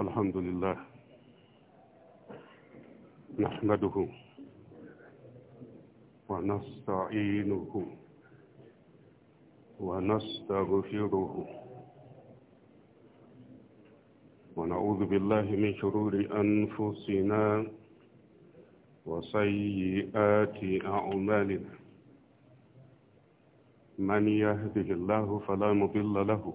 الحمد لله نحمده ونستعينه ونستغفره ونعوذ بالله من شرور أنفسنا وسيئات أعمالنا من يهده الله فلا مضل له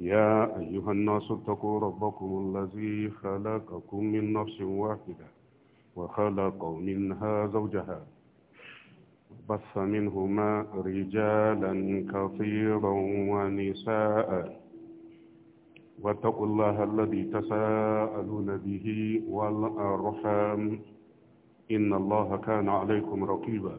يا أيها الناس اتقوا ربكم الذي خلقكم من نفس واحدة وخلق منها زوجها بث منهما رجالا كثيرا ونساء واتقوا الله الذي تساءلون به والأرحام إن الله كان عليكم رقيبا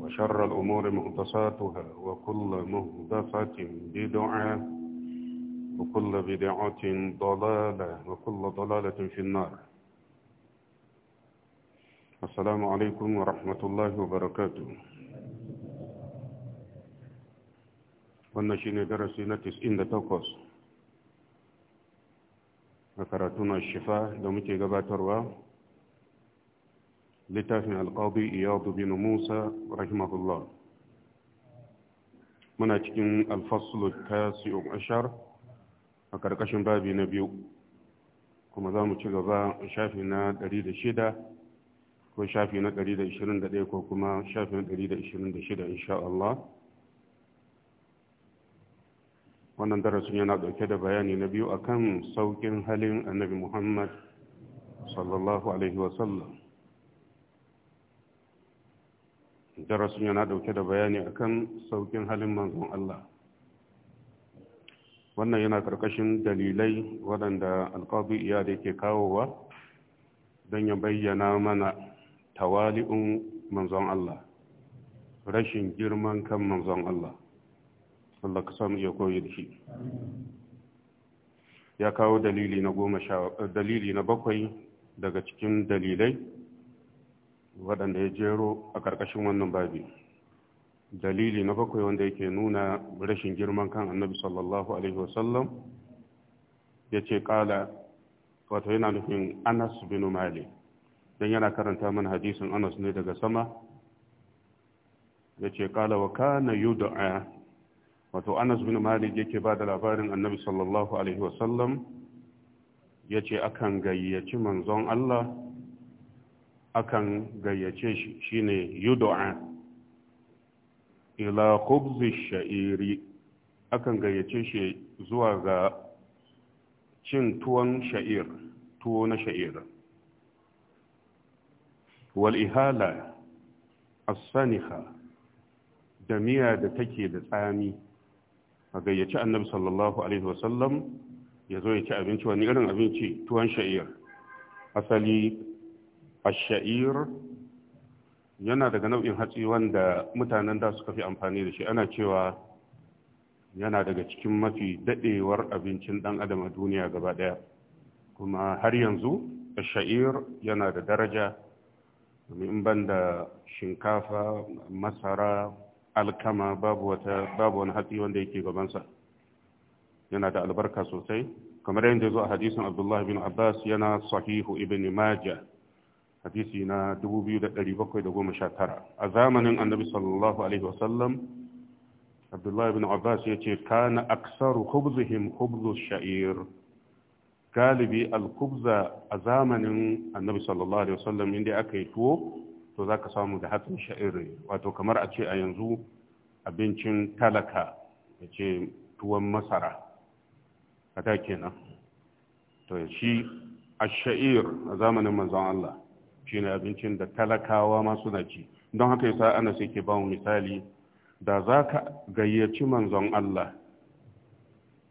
وشر الأمور مهدساتها وكل مهدسة بدعة وكل بدعة ضلالة وكل ضلالة في النار السلام عليكم ورحمة الله وبركاته ونشين درسنا تسئين تقص وكرتنا الشفاء لو متى قبات littafin alƙawbi iyadu bin musa rahimahullah muna cikin alfaslu tasi'u ashar a ƙarƙashin babi na biyu kuma za mu ci gaba shafi na 106 ko shafi na 121 ko kuma shafi na 126 insha Allah wannan darasin yana dauke da bayani na biyu akan saukin halin annabi Muhammad sallallahu alaihi wasallam darasin yana dauke da bayani akan saukin halin manzon Allah wannan yana karkashin dalilai waɗanda alƙawar iya da yake kawowa don ya bayyana mana tawali'un manzon Allah rashin girman kan manzon Allah Allah ka samu iya koyi da shi ya kawo dalili na bakwai daga cikin dalilai waɗanda ya jero a ƙarƙashin wannan babi dalili na bakwai wanda yake nuna rashin girman kan annabi sallallahu alaihi wasallam ya ce ƙala wato yana nufin anas bin Mali. don yana karanta mana hadisin anas ne daga sama ya ce ƙala wa kana yudu'a wato anas bin malik yake ba da labarin annabi sallallahu alaihi wasallam ya ce akan gayyaci manzon allah akan gayyace shi shine yud'a ila khubzi sha'iri akan gayyace shi zuwa ga cin tuwon sha'ir tuwo na sha'ir wal ihala as da miya da take da tsami a gayyace annabi sallallahu alaihi wasallam ya zo ya ci abinci wani irin abinci tuwon sha'ir asali الشعير yana daga nau'in hatsi wanda mutanen da suka fi amfani da shi ana cewa yana daga cikin mafi daɗewar abincin dan adam a duniya gaba daya kuma har yanzu ash-sha'ir yana da daraja domin ban da shinkafa masara alkama babu wata babu wani hatsi wanda yake gabansa yana da albarka sosai kamar yadda zo a hadisin abdullahi bin abbas yana sahihu ibn majah hadisi na 2719 a zamanin annabi sallallahu alaihi wasallam abdullahi bin abbas ya ce kana aksaru khubzihim khubzu sha'ir galibi al-khubza a zamanin annabi sallallahu alaihi wasallam inda aka yi tuwo to zaka samu da hatsin sha'ir wato kamar a ce a yanzu abincin talaka ya ce tuwon masara a kenan to shi ash-sha'ir a zamanin manzon Allah shine abincin da talakawa ma suna ci don haka yasa ana sai ke bamu misali da za ka gayyaci manzon Allah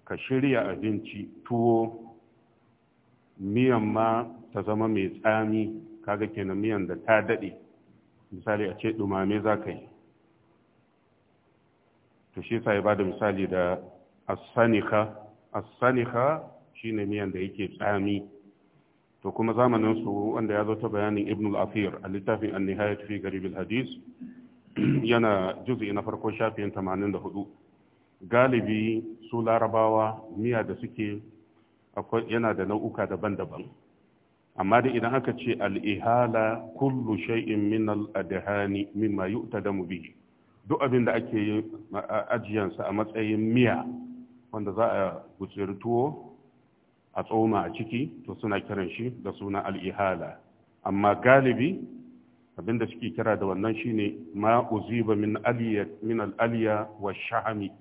ka shirya abinci tuwo miyan ma ta zama mai tsami kaga kenan miyan da ta daɗe misali a ce ɗumame za ka yi to shi sa ya ba da misali da asanika asanika shine miyan da yake tsami to kuma zamanin su wanda ya zo ta bayanin ibn al-afir a littafin an-nihayat fi garib al-hadis yana juz'i na farkon shafin 84 galibi su larabawa miya da suke yana da nau'uka daban-daban amma da idan aka ce al-ihala kullu shay'in min al-adhani mimma yu'tadamu bihi duk abin da ake ajiyansa a matsayin miya wanda za a gutsiri tuwo a tsoma a ciki to suna kiran shi da suna al'ihala amma galibi abinda suke kira da wannan shine ma uziba min al'aliya wa sha'ami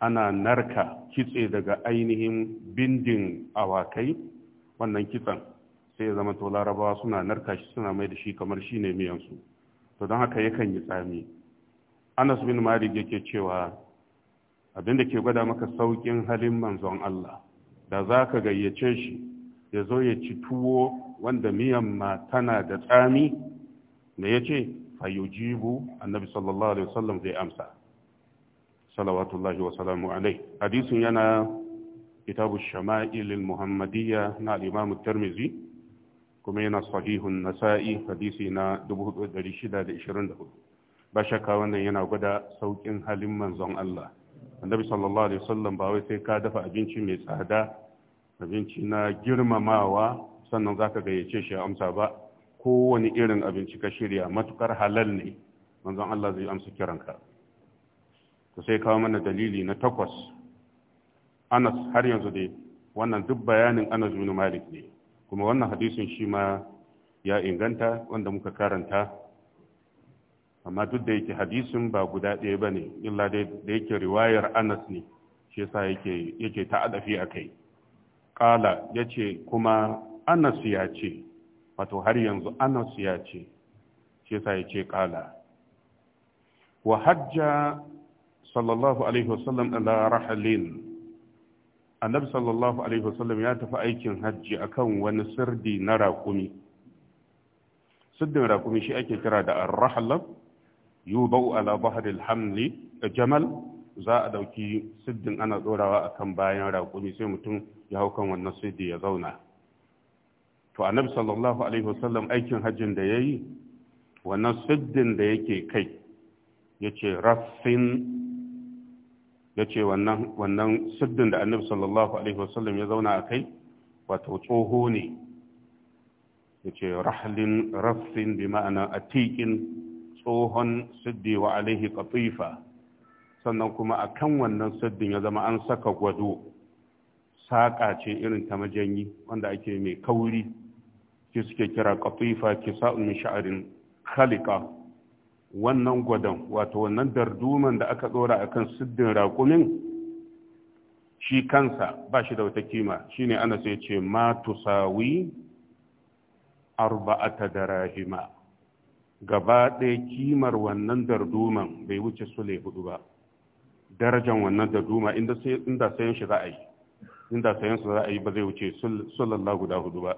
ana narka kitse daga ainihin bindin awakai wannan kitsan sai ya zama to larabawa suna narka shi suna mai da shi kamar shine miyansu to don haka yakan yi tsami anas bin malik yake cewa abinda ke gwada maka saukin halin manzon Allah da za ka gayyace shi ya zo ya ci tuwo wanda miyamma tana da tsami da ya ce fayujibu annabi sallallahu alaihi wasallam zai amsa salawatullahi wasalamu alai hadisin yana kitabu Shama'ilil muhammadiyya na al-imam kuma yana sahihun nasa'i hadisi na 4624 ba shakka wannan yana gwada saukin halin manzon Allah annabi sallallahu alaihi wasallam ba wai sai ka dafa abinci mai tsada abinci na girmamawa sannan za ka gayyace shi amsa ba kowane irin abinci ka shirya matukar halal ne manzon Allah zai amsa kiranka to sai kawo mana dalili na takwas Anas har yanzu dai wannan duk bayanin Anas bin Malik ne kuma wannan hadisin shi ma ya inganta wanda muka karanta amma duk da yake hadisin ba guda ɗaya ba ne illa da yake riwayar Anas ne shi yasa yake yake ta'adafi a kai ƙala ya ce kuma anas ya ce wato har yanzu anas ya ce shi sa ya ce ƙala wa hajja sallallahu alaihi wasallam ala rahalin annabi sallallahu alaihi wasallam ya tafi aikin hajji akan wani sirdi na raƙumi sirdin raƙumi shi ake kira da ar-rahlab yubau ala bahril hamli jamal za a ɗauki siddin ana tsorawa a kan bayan raƙumi sai mutum ya hau kan wannan siddi ya zauna to annabi sallallahu alaihi wasallam aikin hajjin da ya yi wannan siddin da yake kai ya ce raffin ya ce wannan siddin da annabi sallallahu alaihi wasallam ya zauna a kai wato tsoho ne ya ce rahalin raffin bi ma'ana atiƙin tsohon siddi wa alaihi katifa sannan kuma a kan wannan saddin ya zama an saka gwado saƙa ce irin ta majanyi wanda ake mai kauri ke suke kira ƙafifa, kisa'un min sha'arin khaliqa wannan gwadon wato wannan darduman da aka a kan siddin raƙumin shi kansa ba shi da wata kima shine ana sai ce ma tusawi arba'ata da rahima gaba ɗaya kimar wannan darduman bai wuce sule hudu ba darajan wannan da duma inda sayan shi za a yi inda sayan su za a yi ba zai wuce sulallah guda hudu ba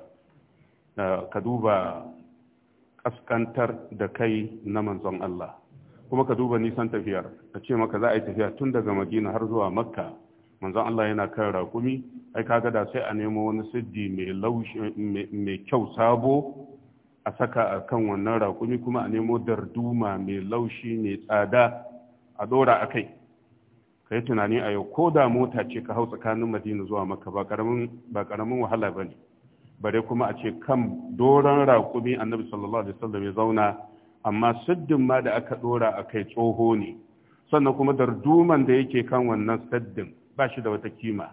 ka duba kaskantar da kai na manzon Allah kuma ka duba nisan tafiyar ka ce maka za a yi tafiya tun daga madina har zuwa makka manzon Allah yana kan raƙumi ai ga da sai a nemo wani siddi mai kyau sabo a saka a kan wannan raƙumi kuma a nemo darduma mai laushi mai tsada a ɗora a kai kai tunani a yau ko da mota ce ka hau tsakanin madina zuwa maka ba karamin wahala ba ne bare kuma a ce kan doron raƙumi annabi sallallahu alaihi wasallam ya zauna amma siddin ma da aka dora a kai tsoho ne sannan kuma darduman da yake kan wannan siddin ba shi da wata kima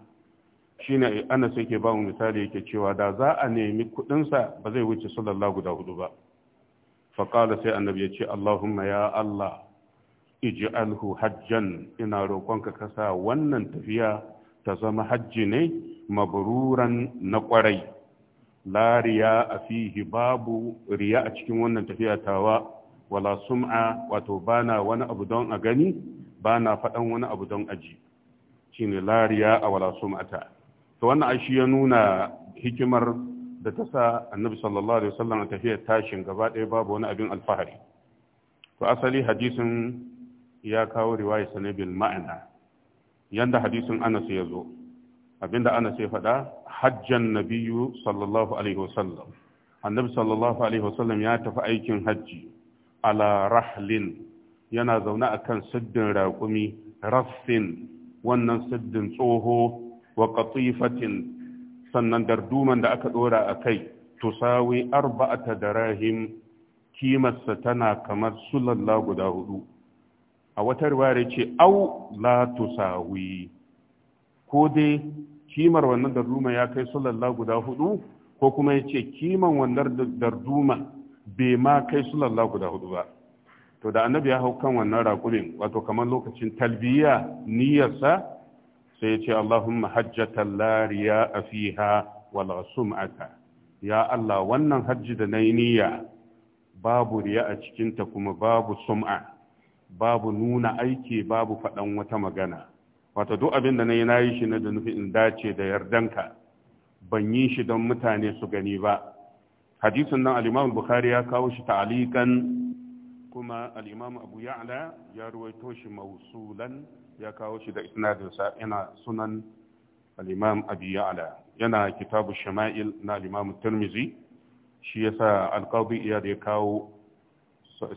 Shi shine ana yake ba mu misali yake cewa da za a nemi kuɗinsa ba zai wuce sallallahu guda hudu ba faƙala sai annabi ya ce allahumma ya allah ij'alhu hajjan ina roƙonka ka sa wannan tafiya ta zama hajji ne mabruran na ƙwarai la riya a fihi babu riya a cikin wannan tafiya tawa wala sum'a wato bana wani abu don a gani bana faɗan wani abu don aji shine la riya a wala sum'ata to wannan a shi ya nuna hikimar da ta sa annabi sallallahu alaihi wasallam a tafiyar tashin gaba ɗaya babu wani abin alfahari to asali hadisin ya kawo riwaya sanabin ma'ana yanda hadisin anas ya zo abinda anas ya faɗa hajjan nabiyu sallallahu alaihi wasallam annabi sallallahu alaihi wasallam ya tafi aikin hajji ala rahlin yana zaune akan siddin raƙumi raffin wannan siddin tsoho wa qatifatin sannan darduman da aka ɗora a kai tusawi arba'ata darahim kimarsa tana kamar sulalla guda hudu a wata riwaya ce au la tusawi ko dai kimar wannan darduma ya kai sallallahu guda hudu ko kuma ya ce kiman wannan darduma bai ma kai sulalla guda hudu ba to da annabi ya hau kan wannan raƙumin wato kamar lokacin talbiya niyyarsa sai ya ce Allahumma hajjata lariya a fiha wal sum'ata ya Allah wannan hajji da na yi niyya babu riya a cikinta kuma babu sum'a babu nuna aiki babu faɗan wata magana Wata duk abin da na yi shi na da nufi in dace da yardanka ban yi shi don mutane su gani ba hadisin nan al-imam bukhari ya kawo shi ta'alikan kuma al-imam abu ya'la ya ruwaito shi mausulan ya kawo shi da isnadin sa ina sunan al-imam abi ya'la yana kitabu shama'il na al-imam tirmizi shi yasa al-qadi ya kawo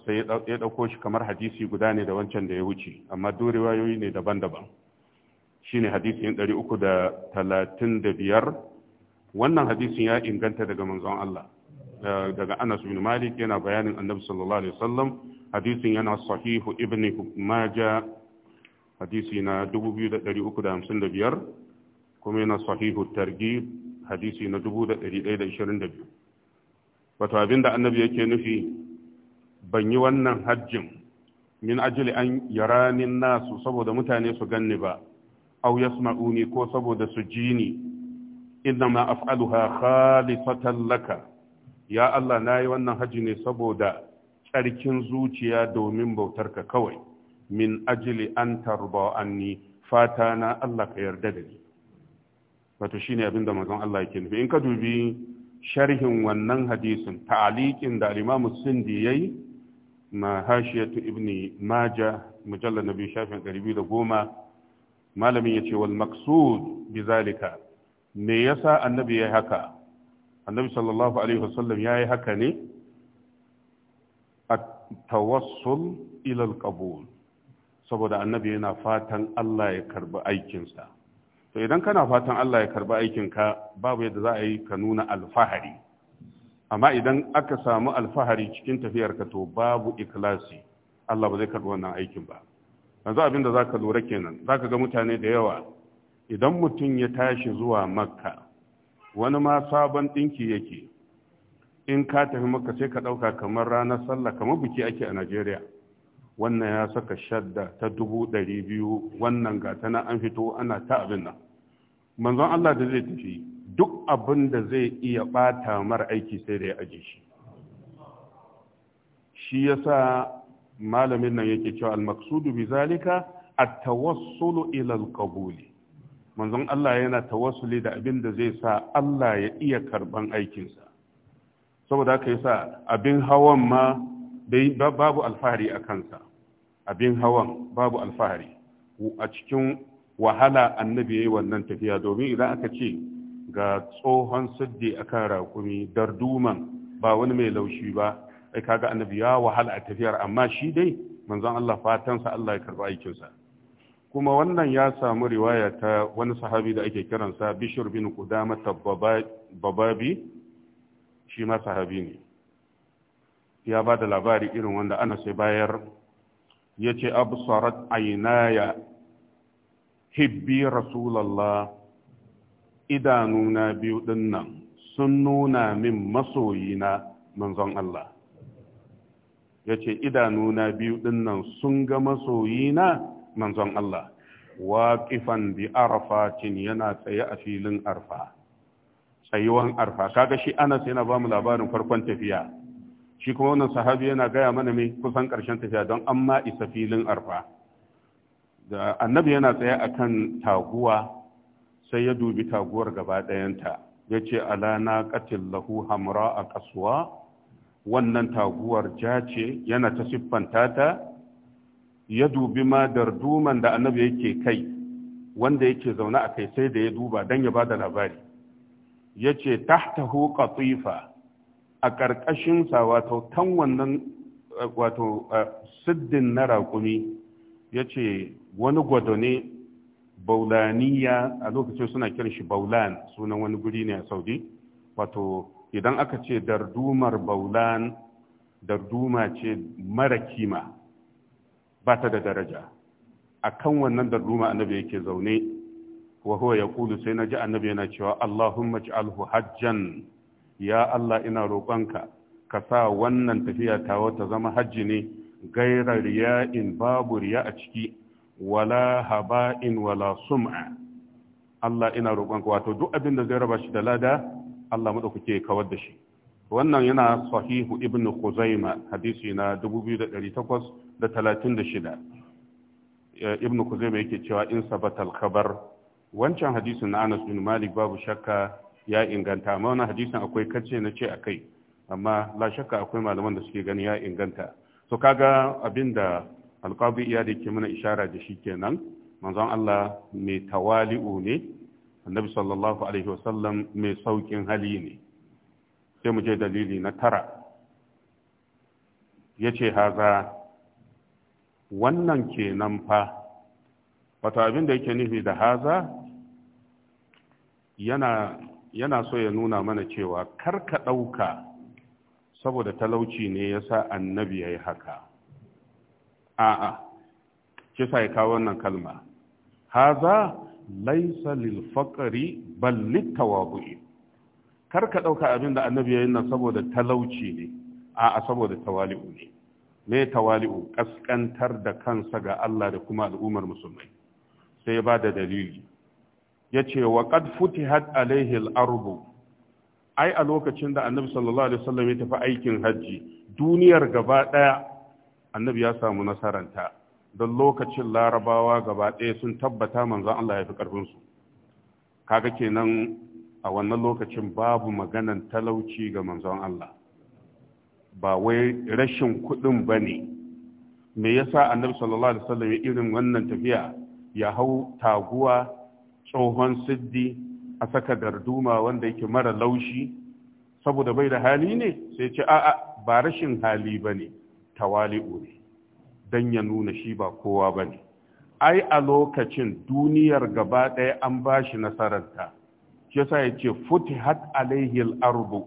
sai ya ɗauko shi kamar hadisi guda ne da wancan da ya wuce amma duk wayoyi ne daban-daban Shi shine hadisin 335 wannan hadisin ya inganta daga manzon Allah eh, daga Anas bin Malik yana bayanin Annabi sallallahu alaihi wasallam hadisin yana sahihu ibn Majah hadisi na 2355 kuma yana sahihu targhib hadisi na 1122 wato abinda annabi yake nufi ban yi wannan hajjin min ajili an yaranin nasu saboda mutane su ganni ba aw yasma'uni ko saboda su ji ni inna ma af'aluha khalifatan laka ya Allah yi wannan hajji ne saboda tsarkin zuciya domin bautar ka kawai min ajili an tarba anni fata na Allah ka yarda da ni wato shine abinda manzon Allah yake nufi in ka dubi sharhin wannan hadisin ta'aliqin da Imam Sindi yayi ma hashiyatu ibn maja mujallal nabi shafin goma. malamin yace wal Maksud bizalika me yasa annabi yayi haka annabi sallallahu alaihi wasallam yayi haka ne at-tawassul ila al saboda annabi yana fatan Allah ya karbi aikinsa to idan kana fatan Allah ya karbi aikinka babu yadda za a yi ka nuna alfahari amma idan aka samu alfahari cikin tafiyar ka to babu ikhlasi Allah ba zai karɓi wannan aikin ba yanzu abin da zaka lura kenan zaka ga mutane da yawa idan mutum ya tashi zuwa makka wani ma sabon ɗinki yake in ka tafi makka sai ka ɗauka kamar ranar sallah kamar biki ake a najeriya wannan ya saka shadda ta dubu ɗari biyu wannan gata na an fito ana ta abin nan manzon allah da zai tafi duk abin da zai iya ɓata mara aiki sai da ya aje shi shi yasa malamin nan yake cewa al-maqsudu bi zalika at-tawassulu ila al manzon Allah yana tawassuli da abin da zai sa Allah ya iya karban aikinsa saboda haka yasa abin hawan ma babu alfahari a kansa abin hawan babu alfahari a cikin wahala annabi yayi wannan tafiya domin idan aka ce ga tsohon a kan raƙumi darduman ba wani mai laushi ba ai kaga annabi ya wahala a tafiyar amma shi dai manzon Allah fatansa Allah ya karba aikinsa kuma wannan ya samu riwaya ta wani sahabi da ake kiransa Bishr bin Qudama Bababi shi ma sahabi ne ya ba da labari irin wanda ana sai bayar ya ce absarat ya hibbi rasulallah idanuna biyu ɗin nan sun nuna min masoyina manzon Allah ya ce idanuna biyu ɗin nan sun ga masoyina manzon Allah waƙifan bi cin yana tsaye a filin arfa tsayuwan arfa kaga shi anas yana ba mu labarin farkon tafiya shi kuma wannan sahabi yana gaya mana mai kusan ƙarshen tafiya don an ma isa filin arfa da annabi yana tsaye a kan taguwa sai ya dubi taguwar gaba ɗayanta ya ce alana na ƙatil lahu hamra a kasuwa wannan taguwar ja ce yana ta siffanta ta ya dubi ma darduman da annabi yake kai wanda yake zaune a kai sai da ya duba don ya ba da labari ya ce tahtahu qatifa a ƙarƙashinsa wato tan wannan wato eh, siddin na raƙumi ya ce wani gwado ne baulaniya a lokacin suna kiran shi baulan sunan wani guri ne a saudi wato idan aka ce dardumar baulan darduma ce mara kima ba ta da daraja a kan wannan darduma annabi yake zaune wa huwa ya kulu sai na ji annabi yana cewa allahumma alhu hajjan ya allah ina roƙonka ka sa wannan tafiya ta ta zama hajji ne gairar in babu riya a ciki wala haba'in wala sum'a Allah ina roƙonka wato duk abin da zai raba shi da lada Allah madaukake kawar da shi wannan yana sahihu ibn Khuzaima hadisi na 2836 ibn Khuzaima yake cewa in sabatal khabar wancan hadisin na Anas bin Malik babu shakka ya inganta amma wannan hadisin akwai kace na ce akai amma la shakka akwai malaman da suke gani ya inganta so kaga abinda alƙabi iya da ke mana ishara da shi kenan manzon Allah mai tawali'u ne annabi sallallahu alaihi wasallam mai saukin hali ne sai mu je dalili na tara Ya ce haza wannan kenan fa wato abin da yake nufi da haza yana yana so ya nuna mana cewa kar ka ɗauka saboda talauci ne ya sa annabi ya yi haka a'a ki sai kawo wannan kalma haza laysa lil faqri bal lit tawabu'i kar ka dauka abin da annabi yayin nan saboda talauci ne a'a saboda tawali'u ne me tawali'u kaskantar da kansa ga Allah da kuma al'ummar musulmai sai ya bada dalili yace wa qad futihat alayhi al-ardu ai a lokacin da annabi sallallahu alaihi wasallam ya tafi aikin hajji duniyar gaba daya annabi ya samu nasaranta don lokacin larabawa gaba ɗaya sun tabbata manzon Allah ya fi ƙarfinsu kaga kenan a wannan lokacin babu maganan talauci ga manzon Allah ba wai rashin kuɗin ba ne me sa annabi sallallahu alaihi wasallam ya irin wannan tafiya ya hau taguwa tsohon siddi a saka darduma wanda yake mara laushi saboda bai da hali ne sai ce a'a ba rashin hali ba ne tawali'u ne don ya nuna shi ba kowa ba ne ai a lokacin duniyar gaba ɗaya an ba shi nasararta shi yasa ya ce futi hat al-ardu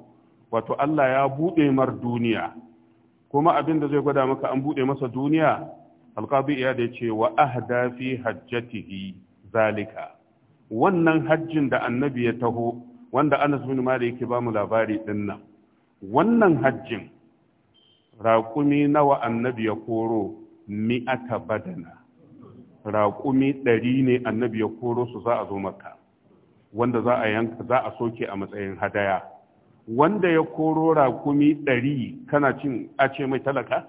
wato Allah ya buɗe mar duniya kuma abin da zai gwada maka an buɗe masa duniya alƙabi ya da ce wa ahda fi hajjatihi zalika wannan hajjin da annabi ya taho wanda Anas bin Malik yake ba mu labari din nan wannan hajjin raƙumi nawa annabi ya koro mi'ata badana raƙumi ɗari ne annabi ya koro su za a zo maka wanda za a yanka za a soke a matsayin hadaya wanda ya koro raƙumi ɗari kana cin a ce mai talaka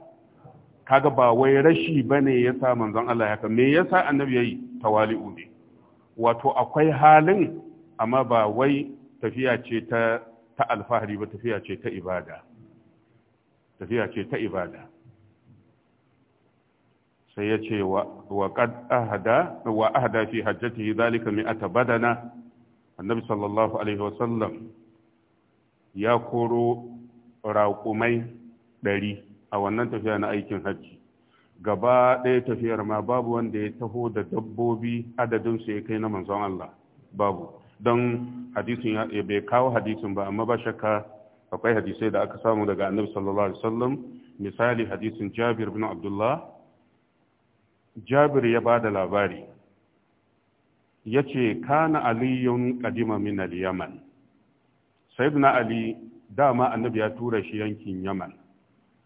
kaga ba wai rashi ba ne ya sa manzon Allah yaka, me ya sa annabi ya yi tawali'u ne wato akwai halin amma ba wai tafiya ce ta alfahari ba tafiya ce ta ibada tafiya ce ta ibada sai ya ce wa ahada wa ahada fi hajjatihi zalika mi'ata badana annabi sallallahu alaihi wasallam ya koro raƙumai ɗari a wannan tafiya na aikin hajji gaba ɗaya tafiyar ma babu wanda ya taho da dabbobi adadinsu ya kai na manzon Allah babu don hadisin ya bai kawo hadisin ba amma ba shakka akwai hadisai da aka samu daga annabi sallallahu alaihi wasallam misali hadisin Jabir bin Abdullah Jabir ya bada labari yace kana aliyun qadima min al-Yaman sayyidina Ali dama annabi ya tura shi yankin Yaman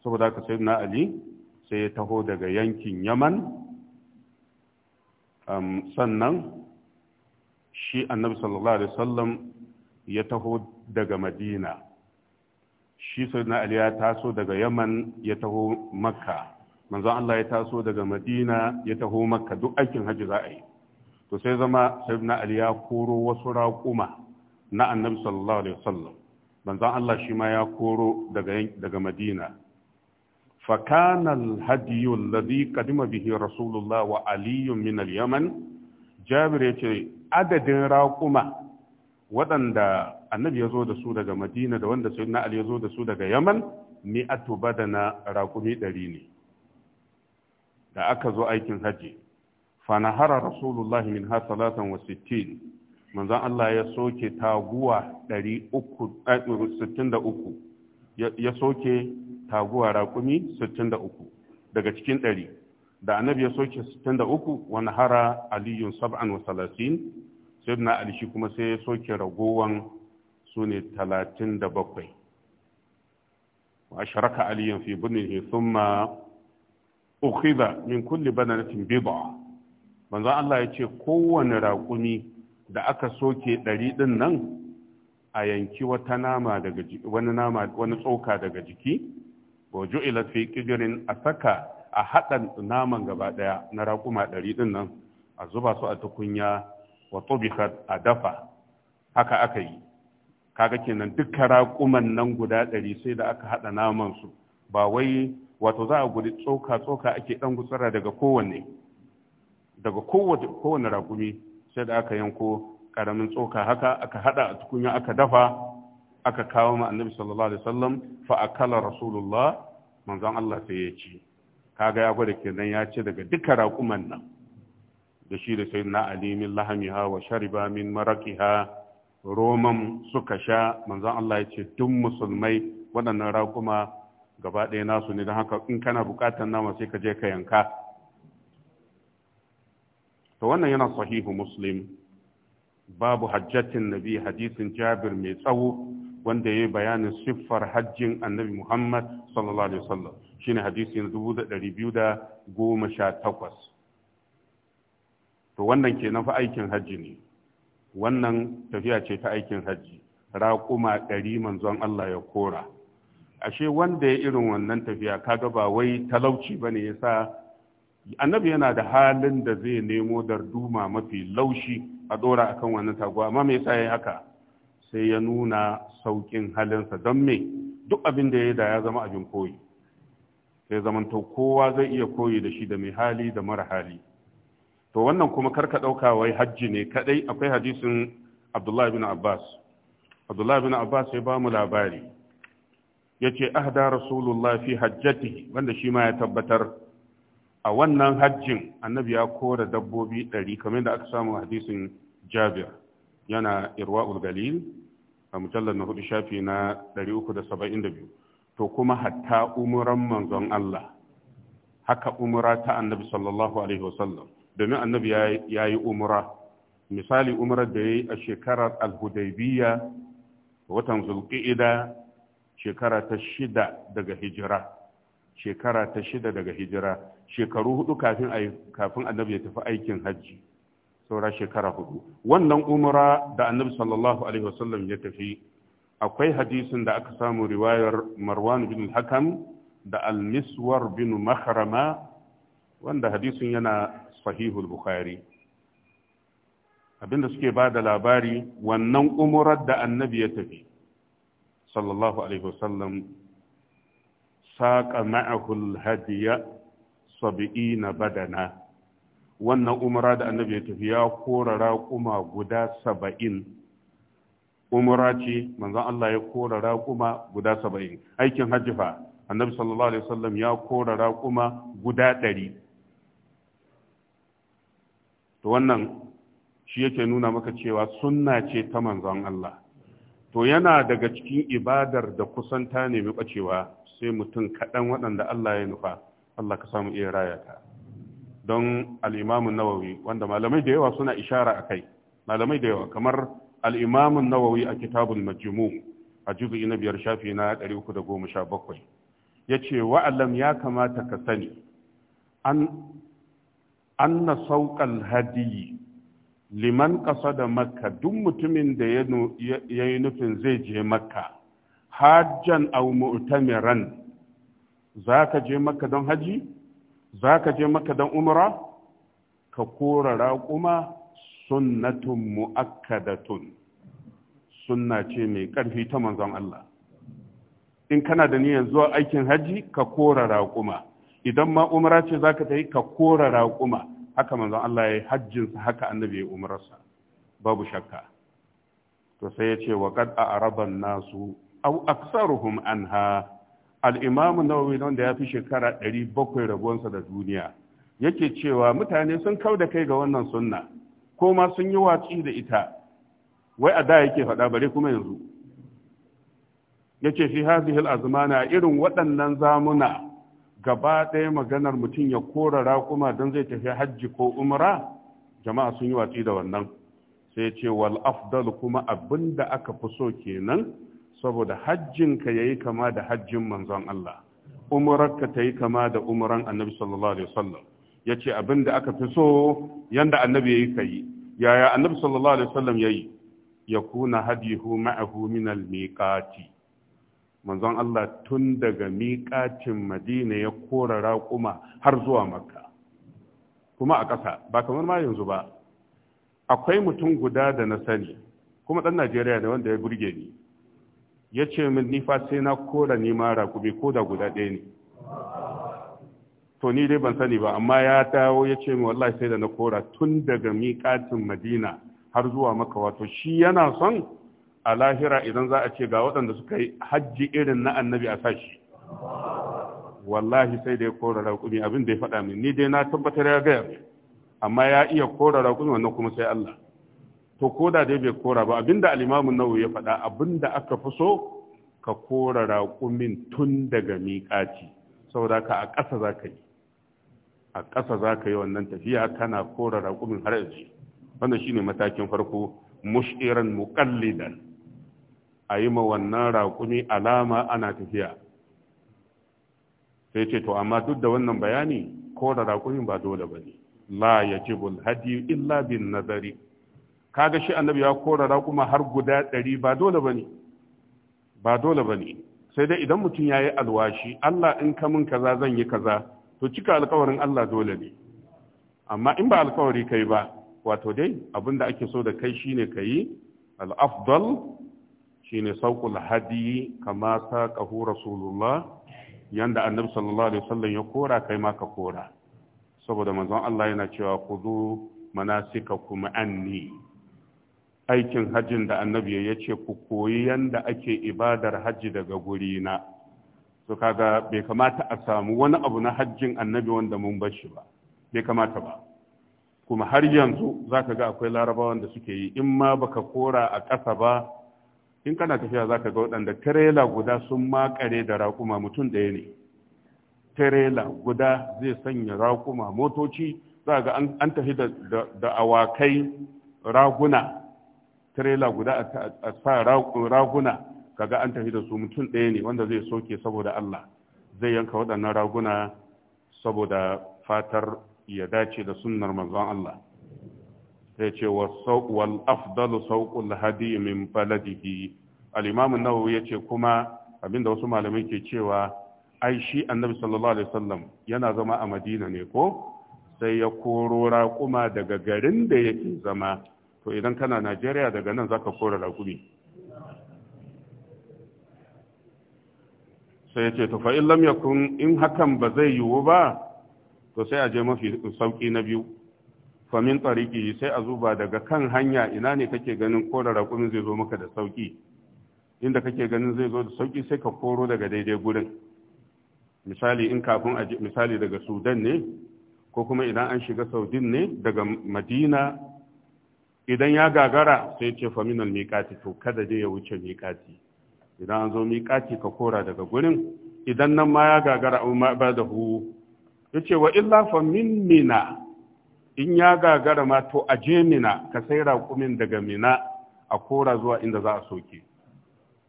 saboda haka sayyidina Ali sai ya taho daga yankin Yaman sannan shi annabi sallallahu alaihi wasallam ya taho daga Madina shi sayyidina ali ya taso daga yaman ya taho makka manzon Allah ya taso daga madina ya taho makka duk aikin hajji za a yi to sai zama sayyidina ali ya koro wasu raƙuma na annabi sallallahu alaihi wasallam manzon Allah shi ma ya koro daga daga madina فكان الهدي الذي قدم به رسول الله وعلي من اليمن جابر يتي عدد راقما ودندا annabi ya zo da su daga madina da wanda sayyidina ali ya zo da su daga yaman atu badana raqumi ɗari ne da aka zo aikin haji. fa nahara rasulullahi min ha salatan wa sittin manzon Allah ya soke taguwa 363 eh, ya soke taguwa raqumi 63 daga cikin 100 da annabi ya soke 63 wa nahara aliyun sab'an wa sayyidina ali shi kuma sai ya soke ragowan Sune ne talatin da bakwai wa ashraka aliyan fi bunihi thumma ukhidha min kulli bananatin bid'a manzo Allah ya ce kowane raƙumi da aka soke ɗari ɗin nan a yanki wata nama daga wani nama wani tsoka daga jiki wa ju'ila fi qidrin a saka a haɗa naman gaba ɗaya na raƙuma ɗari ɗin nan a zuba su a tukunya wa tubikat a dafa haka aka yi kaga kenan dukkan raƙuman nan guda ɗari sai da aka haɗa naman su ba wai wato za a gudu tsoka tsoka ake ɗan gutsara daga kowanne daga kowane raƙumi sai da aka yanko ƙaramin tsoka haka aka haɗa a tukunya aka dafa aka kawo ma annabi sallallahu alaihi wasallam fa akala rasulullah manzon Allah sai ya ci kaga ya gwada kenan ya ce daga dukkan raƙuman nan da shi da sayyidina ali min lahamiha wa shariba min maraqiha roman suka sha manzon Allah ya ce duk musulmai waɗannan raƙuma gaba ɗaya nasu ne don haka in kana buƙatar nama sai ka je ka yanka to wannan yana sahihu muslim babu hajjatin nabi hadisin jabir mai tsawo wanda ya yi bayanin siffar hajjin annabi muhammad sallallahu alaihi wasallam shine hadisin 2218 to wannan ke nafi aikin hajji ne wannan tafiya ce ta aikin hajji raƙuma ɗari manzon Allah ya kora ashe wanda ya irin wannan tafiya kaga ba wai talauci ba bane yasa annabi yana da halin da zai nemo darduma mafi laushi a dora akan wannan taguwa amma me yasa yayi haka sai ya nuna saukin halinsa don me duk abin da yayi da ya zama abin koyi sai zamanto kowa zai iya koyi da shi da mai hali da mara hali to wannan kuma karka ɗauka wai hajji ne kadai akwai hadisin abdullahi bin abbas abdullahi bin abbas ya ba mu labari ya ce ahda rasulullah fi hajjati wanda shi ma ya tabbatar a wannan hajjin annabi ya kora dabbobi ɗari kamar da aka samu hadisin jabir yana irwa'ul galil a mujallar na hudu shafi na 372 to kuma hatta umuran manzon Allah haka umura ta annabi sallallahu alaihi wasallam domin annabi ya yi umra misali umrar da ya yi a shekarar al-hudaybiyya watan zulqa'ida shekara ta shida daga hijira shekara ta shida daga hijira shekaru hudu kafin annabi ya tafi aikin hajji saura shekara hudu wannan umara da annabi sallallahu alaihi wasallam ya tafi akwai hadisin da aka samu riwayar marwan bin hakam da almiswar bin makarama wanda hadisin yana sahihul bukhari abinda suke ba da labari wannan umurar da annabi ya tafi sallallahu alaihi wasallam saƙa ma'ahul hadiya badana wannan umara da annabi ya tafi ya kora raƙuma guda saba'in umara ce manzon Allah ya kora raƙuma guda saba'in aikin hajjifa annabi sallallahu alaihi wasallam ya kora raƙuma guda ɗari to wannan shi yake nuna maka cewa sunna ce ta manzon Allah to yana daga cikin ibadar da kusanta ta nemi bacewa sai mutum kaɗan waɗanda Allah ya nufa Allah ka samu iya raya ta don al'imamun nawawi wanda malamai da yawa suna ishara a kai malamai da yawa kamar al'imamun nawawi a kitabun majimu a juzu'i na biyar shafi na 317 ya ce wa'alam ya kamata ka sani an anna sauƙal hadiyi liman ƙasa da makka duk mutumin da ya yi nufin zai je makka hajjan au mu'tamiran za ka je makka don haji za ka je makka don umra ka kora raƙuma sunnatun mu'akkadatun sunna ce mai ƙarfi ta manzon Allah in kana da niyyar zuwa aikin haji ka kora raƙuma idan ma umra ce za ka ta yi ka kora raƙuma haka manzon Allah ya hajjinsa haka annabi ya umarsa babu shakka to sai ya ce wa qad a'raban nasu aw aktsaruhum anha al-imam an-nawawi wanda ya fi shekara 700 rabuwansa da duniya yake cewa mutane sun kau da kai ga wannan sunna ko ma sun yi watsi da ita wai a da yake faɗa bare kuma yanzu yace fi hadhihi al-azmana irin waɗannan zamuna gaba ɗaya maganar mutum ya kora raƙuma don zai tafi hajji ko umra jama'a sun yi watsi da wannan sai ce wal afdal kuma abin da aka fi so kenan saboda hajjinka ya yi kama da hajjin manzon Allah umararka ta yi kama da umaran annabi sallallahu alaihi wasallam ya ce abin da aka fi so yanda annabi ya yi ka yi yaya annabi sallallahu alaihi wasallam ya yi ya kuna hadihu ma'ahu min al-miqati manzon Allah tun daga miƙacin Madina ya kora raƙuma har zuwa Makka kuma a ƙasa ba kamar ma yanzu ba akwai mutum guda da na sani kuma ɗan Najeriya ne wanda ya burge ni ya ce min nifa sai na kora nima raƙumi ko da guda ɗaya ne to ni dai ban sani ba amma ya dawo ya ce min wallahi sai da na kora tun daga miƙacin Madina har zuwa Makka wato shi yana son a lahira idan za a ce ga waɗanda suka yi hajji irin na annabi a sashi wallahi sai da ya kora raƙumi abin da ya faɗa min ni dai na tabbatar ya gaya amma ya iya kora raƙumi wannan kuma sai Allah to ko da dai bai kora ba abinda al-Imam Nawawi ya faɗa abinda aka fi so ka kora raƙumin tun daga miƙaci saboda ka a ƙasa za ka yi a ƙasa za ka yi wannan tafiya kana kora raƙumin har yanzu wannan shine matakin farko mushiran muƙallidan a yi ma wannan raƙumi alama ana tafiya sai ce to amma duk da wannan bayani ko da raƙumin ba dole ba ne la ya ce illa bin nazari ga shi annabi ya kora raƙuma har guda ɗari ba dole ba ne ba dole ba ne sai dai idan mutum ya yi alwashi Allah in ka min kaza zan yi kaza to cika alkawarin Allah dole ne amma in ba alkawari kai ba wato dai abin da ake so da kai shine ka yi al'afdal shine saukul hadi kama saƙahu rasulullah yanda annabi sallallahu alaihi wasallam ya kora kai ma ka kora saboda manzon Allah yana cewa ku khudhu kuma anni aikin hajjin da annabi ya ce ku koyi yanda ake ibadar hajji daga guri na to kaga bai kamata a samu wani abu na hajjin annabi wanda mun bar shi ba bai kamata ba kuma har yanzu zaka ga akwai larabawan da suke yi in ma baka kora a ƙasa ba in kana tafiya za ka ga waɗanda tirela guda sun makare da raƙuma mutum ɗaya ne tirela guda zai sanya raƙuma motoci za ga an tafi da awakai raguna tirela guda a sa raguna kaga an tafi da su mutum ɗaya ne wanda zai soke saboda Allah zai yanka waɗannan raguna saboda fatar ya dace da sunnar manzon Allah sai ce wal afdalu sauqul hadi min baladihi al-imam an-nawawi yace kuma abinda wasu malamai ke cewa ai shi annabi sallallahu alaihi wasallam yana zama a madina ne ko sai ya koro raƙuma daga garin da yake zama to idan kana najeriya daga nan zaka kora raƙumi sai ya ce to fa lam yakun in hakan ba zai yiwu ba to sai a je mafi sauƙi na biyu famin tsariki sai a zuba daga kan hanya ina ne kake ganin kora raƙumin zai zo maka da sauƙi inda kake ganin zai zo da sauƙi sai ka koro daga daidai gurin misali in kafin a misali daga sudan ne ko kuma idan an shiga saudin ne daga madina idan ya gagara sai ce faminal miƙati to kada dai ya wuce miƙati idan an zo miƙati ka kora daga gurin idan nan ma ya gagara an ma ba da hu ya ce wa illa famin mina in ya gagara ma to a je mina ka sai raƙumin daga mina a kora zuwa inda za a soke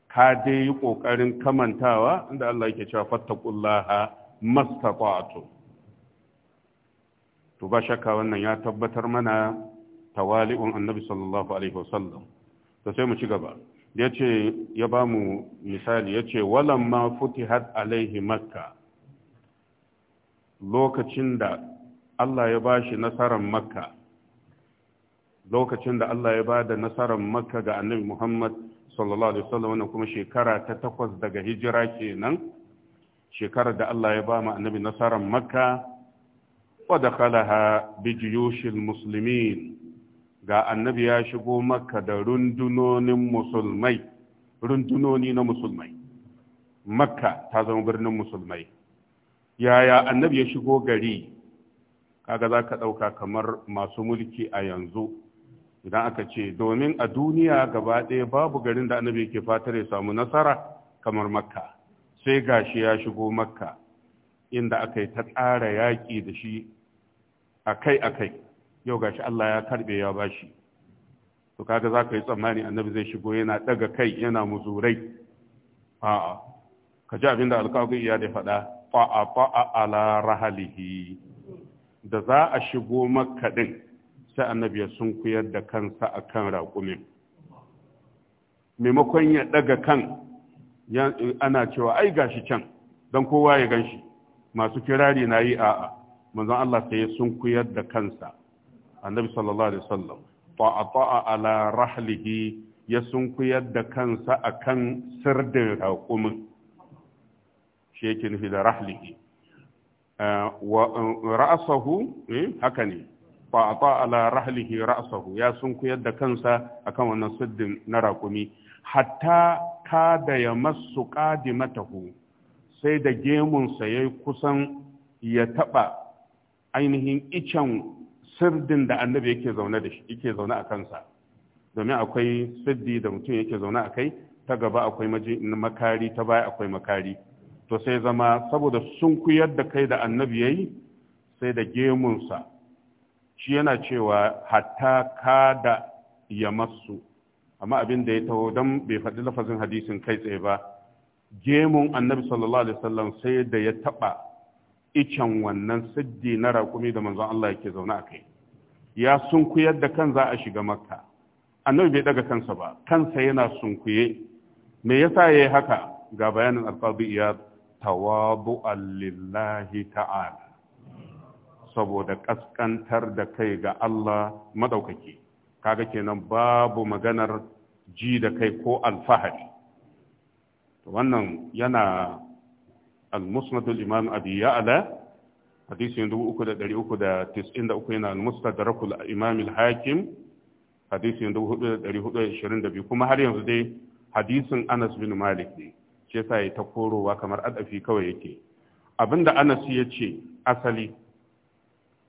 ka dai yi ƙoƙarin kamantawa inda Allah yake cewa fattaqullaha mastata'tu to ba shakka wannan ya tabbatar mana tawali'un annabi sallallahu alaihi wasallam to sai mu ci gaba yace ya ba mu misali yace walamma futihat alaihi makka lokacin da Allah ya ba shi nasarar makka lokacin da Allah ya ba da nasarar makka ga annabi Muhammad sallallahu alaihi wasallam wannan kuma shekara ta takwas daga hijira kenan shekarar da Allah ya ba mu annabi nasarar makka wadda dakhalaha bi juyushil ga annabi ya shigo makka da rundunonin musulmai rundunoni na musulmai makka ta zama birnin musulmai yaya annabi ya shigo gari kaga za ka ɗauka kamar masu mulki a yanzu idan aka ce domin a duniya gaba ɗaya babu garin da annabi ke fatar ya samu nasara kamar makka sai gashi ya shigo makka inda aka yi ta tsara yaƙi da shi a kai-a kai, yau gashi Allah ya karɓe ya bashi to kaga za ka yi tsammani annabi zai shigo yana ɗaga kai yana muzurai a'a ka ji abin da alƙawar iya da faɗa fa'a fa'a ala rahalihi da za a shigo makaɗin, din sai annabi ya sunkuyar da kansa akan raƙumin maimakon ya daga kan ana cewa ai gashi can don kowa ya ganshi. masu kirari na yi a'a manzon Allah sai ya sunkuyar da kansa annabi sallallahu alaihi wasallam ata'a ala rahlihi ya sunkuyar da kansa akan sirdin raƙumin shekin fi da rahlihi Eh, ra'asahu eh, haka ne fa ata ala rahlihi ra'asahu ya sunkuyar da kansa akan wannan siddin na raƙumi hatta kada ya masu qadimatahu sai da gemunsa yayi kusan ya taba ainihin icen sirdin da annabi yake zaune da shi yake zaune a kansa domin akwai siddi da mutum yake zaune a kai ta gaba akwai makari ta baya akwai makari to sai zama saboda sun kuyar da kai da annabi yayi sai da gemunsa shi yana cewa hatta kada ya masu amma abin da ya taho don bai faɗi lafazin hadisin kai tsaye ba gemun annabi sallallahu alaihi wasallam sai da ya taɓa icen wannan siddi na raƙumi da manzon Allah yake zaune a kai ya sunkuyar da kan za a shiga makka annabi bai daga kansa ba kansa yana sunkuye me yasa yayi haka ga bayanin alqadi iyad tawadu'an lillahi ta'ala saboda kaskantar da kai ga Allah maɗaukaki, kaga kenan babu maganar ji da kai ko alfahari wannan yana al-musnad al-imam abi ya'la hadisi 3393 yana al-mustadrak al-imam al-hakim hadisi 4422 kuma har yanzu dai hadisin Anas bin Malik ne shi yasa ya ta korowa kamar adafi kawai yake abinda Anas ya ce asali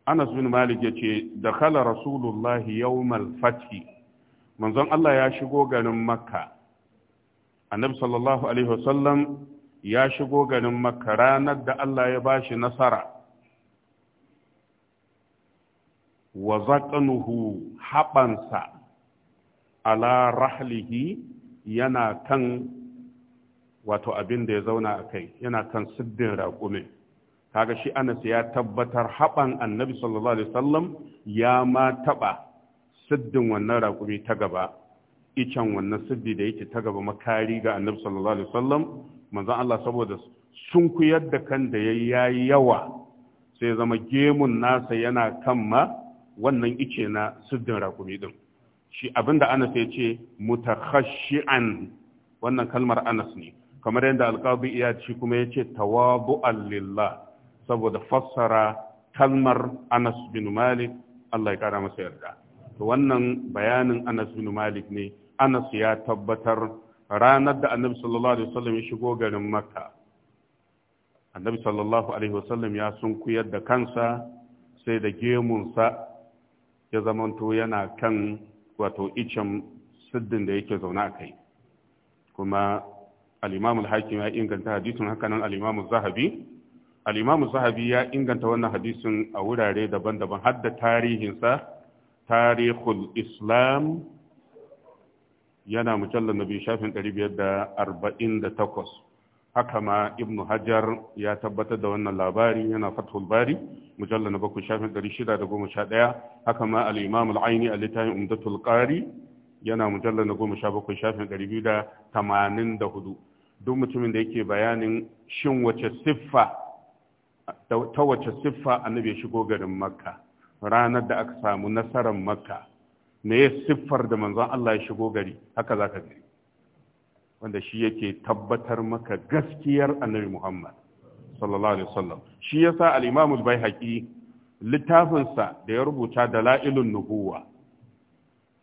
Anas bin Malik ya ce da kala Rasulullahi yawmal fathi manzon Allah ya shigo garin Makka annabi sallallahu alaihi wasallam ya shigo garin Makka ranar da Allah ya bashi nasara wa zaqanuhu haɓansa ala rahlihi yana kan wato abin da ya zauna a kai yana kan siddin raƙumi. kaga shi anas ya tabbatar haɓan annabi sallallahu alaihi wasallam ya ma taɓa siddin wannan raƙumi ta gaba icen wannan siddi da yake ta gaba makari ga annabi sallallahu alaihi wasallam manzon Allah saboda sunkuyar da kan da yayi yawa sai zama gemun nasa yana kan ma wannan ice na siddin raƙumi din shi abinda anas ya ce mutakhashi'an wannan kalmar anas ne kamar yadda alƙabi iya ci kuma ya ce tawabu allillah saboda fassara kalmar anas bin malik allah ya kara masa yarda to wannan bayanin anas bin malik ne anas ya tabbatar ranar da annabi sallallahu alaihi wasallam ya shigo garin makka annabi sallallahu alaihi wasallam ya sunkuyar da kansa sai da gemunsa ya zamanto yana kan wato icen siddin da yake zaune a kai kuma al-imam ya inganta hadisin hakanan nan zahabi al zahabi ya inganta wannan hadisin a wurare daban-daban hadda tarihinsa tarihul islam yana mujallar nabi shafin 548 haka ma ibnu hajar ya tabbatar da wannan labari yana fathul bari mujallar na bakwai shafin 611 haka ma al'imam al'aini a littafin umdatul qari yana mujallar na goma sha bakwai shafin 284 duk mutumin da yake bayanin shin wace siffa ta wace siffa annabi ya shigo garin makka ranar da aka samu nasarar makka me ya siffar da manzon Allah ya shigo gari haka zaka gari wanda shi yake tabbatar maka gaskiyar annabi Muhammad sallallahu alaihi wasallam shi yasa al-Imam al-Baihaqi littafinsa da ya rubuta dalailun nubuwa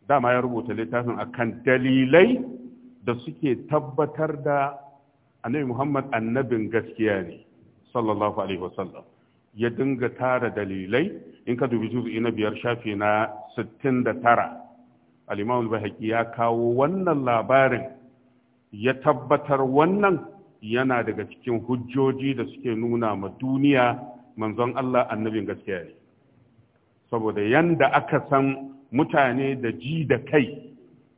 dama ya rubuta littafin akan dalilai da suke tabbatar da annabi muhammad annabin gaskiya ne sallallahu alaihi wasallam ya dinga tara dalilai in ka dubi juzu'i na biyar shafi na 69 al bahaki ya kawo wannan labarin ya tabbatar wannan yana daga cikin hujjoji da suke nuna ma duniya manzon Allah annabin gaskiya ne saboda yanda aka san mutane da ji da kai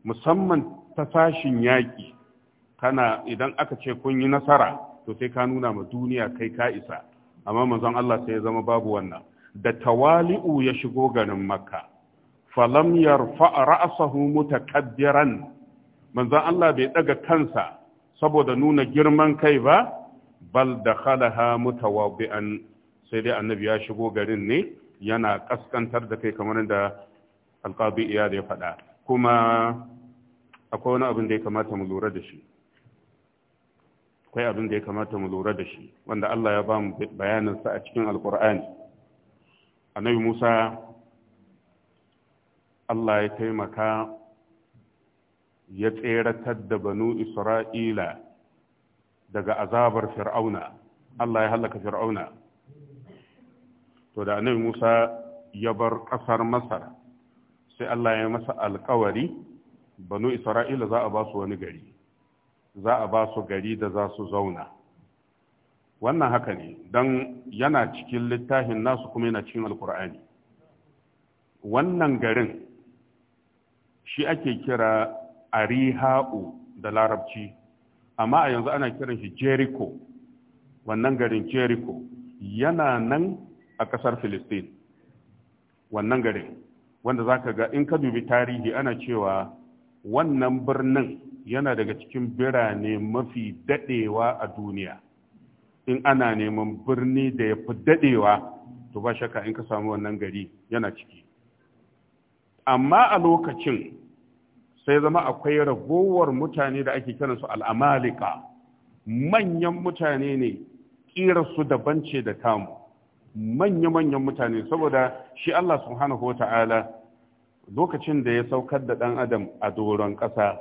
musamman ta sashin yaƙi kana idan aka ce kun yi nasara to sai ka nuna ma duniya kai ka isa amma manzon Allah sai ya zama babu wannan da tawali'u ya shigo garin makka falam yarfa ra'sahu mutakabbiran manzon Allah bai daga kansa saboda nuna girman kai ba bal dakhalaha mutawaddi'an sai dai annabi ya shigo garin ne yana kaskantar da kai kamar da alqadi iyad ya faɗa kuma akwai wani abin da ya kamata mu lura da shi akwai abin da ya kamata mu lura da shi wanda Allah ya ba mu bayaninsa a cikin alkur'ani annabi musa Allah ya taimaka ya tseratar da banu isra'ila daga azabar fir'auna Allah ya halaka fir'auna to da annabi musa ya bar ƙasar masar sai Allah ya masa alkawari banu isra'ila za a ba su wani gari za a ba su gari da za su zauna wannan haka ne don yana cikin littafin nasu kuma yana cikin alkur'ani wannan garin shi ake kira ariha'u da larabci amma a yanzu ana kiran shi jericho wannan garin jericho yana nan a ƙasar Filistin, wannan garin, wanda za ka ga in ka dubi tarihi ana cewa wannan birnin yana daga cikin birane mafi daɗewa a duniya in ana neman birni da ya fi daɗewa, to ba shakka in ka samu wannan gari yana ciki amma a lokacin sai zama akwai ragowar mutane da ake kiransu al'amalika manyan mutane ne su daban ce da tamu manya-manyan mutane saboda shi Allah subhanahu wa lokacin da ya saukar da ɗan adam a doron ƙasa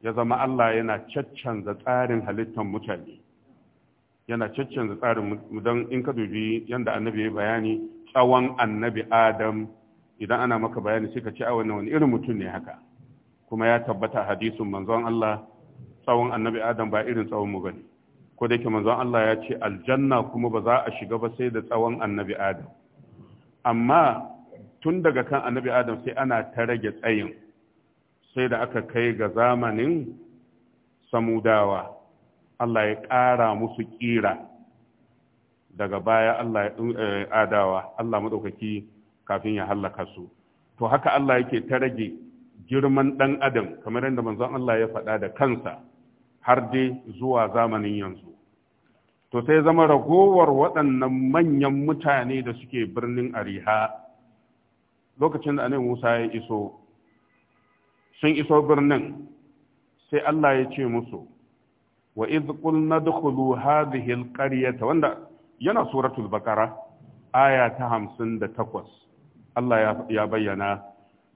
ya zama Allah yana caccanza tsarin halittar mutane yana caccanza tsarin don in ka dubi yadda annabi ya bayani tsawon annabi adam idan ana maka bayani sai ka ce a wani wani irin mutum ne haka kuma ya tabbata hadisin manzon Allah tsawon annabi adam ba irin tsawon mu ne. ko da yake manzon Allah ya ce aljanna kuma ba za a shiga ba sai da tsawon annabi adam amma tun daga kan annabi adam sai ana ta rage tsayin sai da aka kai ga zamanin samudawa Allah ya ƙara musu ƙira daga baya Allah ya eh, adawa Allah maɗaukaki kafin ya hallaka su to haka Allah yake ta rage girman ɗan adam kamar yadda manzon Allah ya faɗa da kansa har dai zuwa zamanin yanzu to sai zama ragowar waɗannan manyan mutane da suke birnin ariha lokacin da annabi Musa ya iso sun iso birnin sai Allah ya ce musu wa iz qulna dkhulu hadhihi alqaryata wanda yana suratul baqara aya ta 58 Allah ya bayyana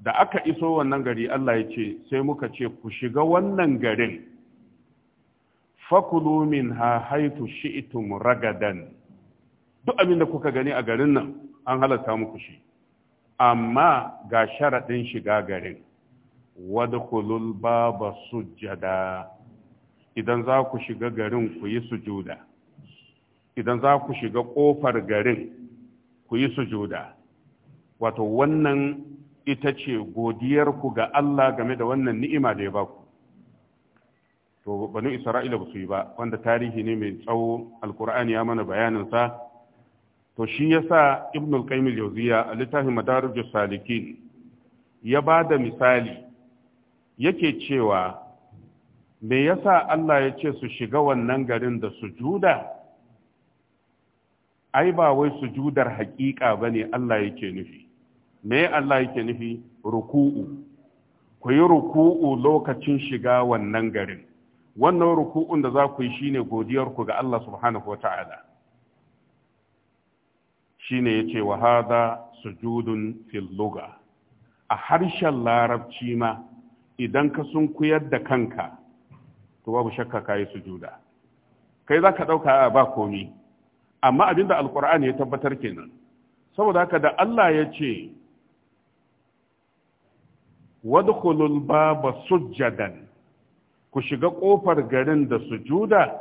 da aka iso wannan gari Allah ya ce sai muka ce ku shiga wannan garin fakulu minha haitu shi'tum ragadan duk abin da kuka gani a garin nan an halatta muku shi amma ga sharaɗin shiga garin wadkhulul baba sujjada idan za ku shiga garin ku yi sujuda idan za ku shiga kofar garin ku yi sujuda wato wannan ita ce godiyarku ga Allah game da wannan ni'ima da ya ba ku to banu isra'ila ba su yi ba wanda tarihi ne mai tsawo alkur'ani ya mana bayanin sa to shi yasa sa al-qayyim al-jawziya a littafin madarijus salikin ya ba da misali yake cewa me yasa Allah ya ce su shiga wannan garin da sujuda ai ba wai sujudar haƙiƙa bane Allah yake nufi me Allah yake nufi ruku'u ku yi ruku'u lokacin shiga wannan garin wannan ruku'un da za ku yi shine godiyar ku ga Allah subhanahu wata'ala shine yace wa hadha sujudun fil lugha a harshen larabci ma idan ka sun kuyar da kanka to babu shakka ka yi sujuda kai za ka ɗauka ah, ba komi amma abin da alkur'ani ya tabbatar kenan saboda haka da Allah ya ce wadkhulul baba sujjadan ku shiga ƙofar garin da sujuda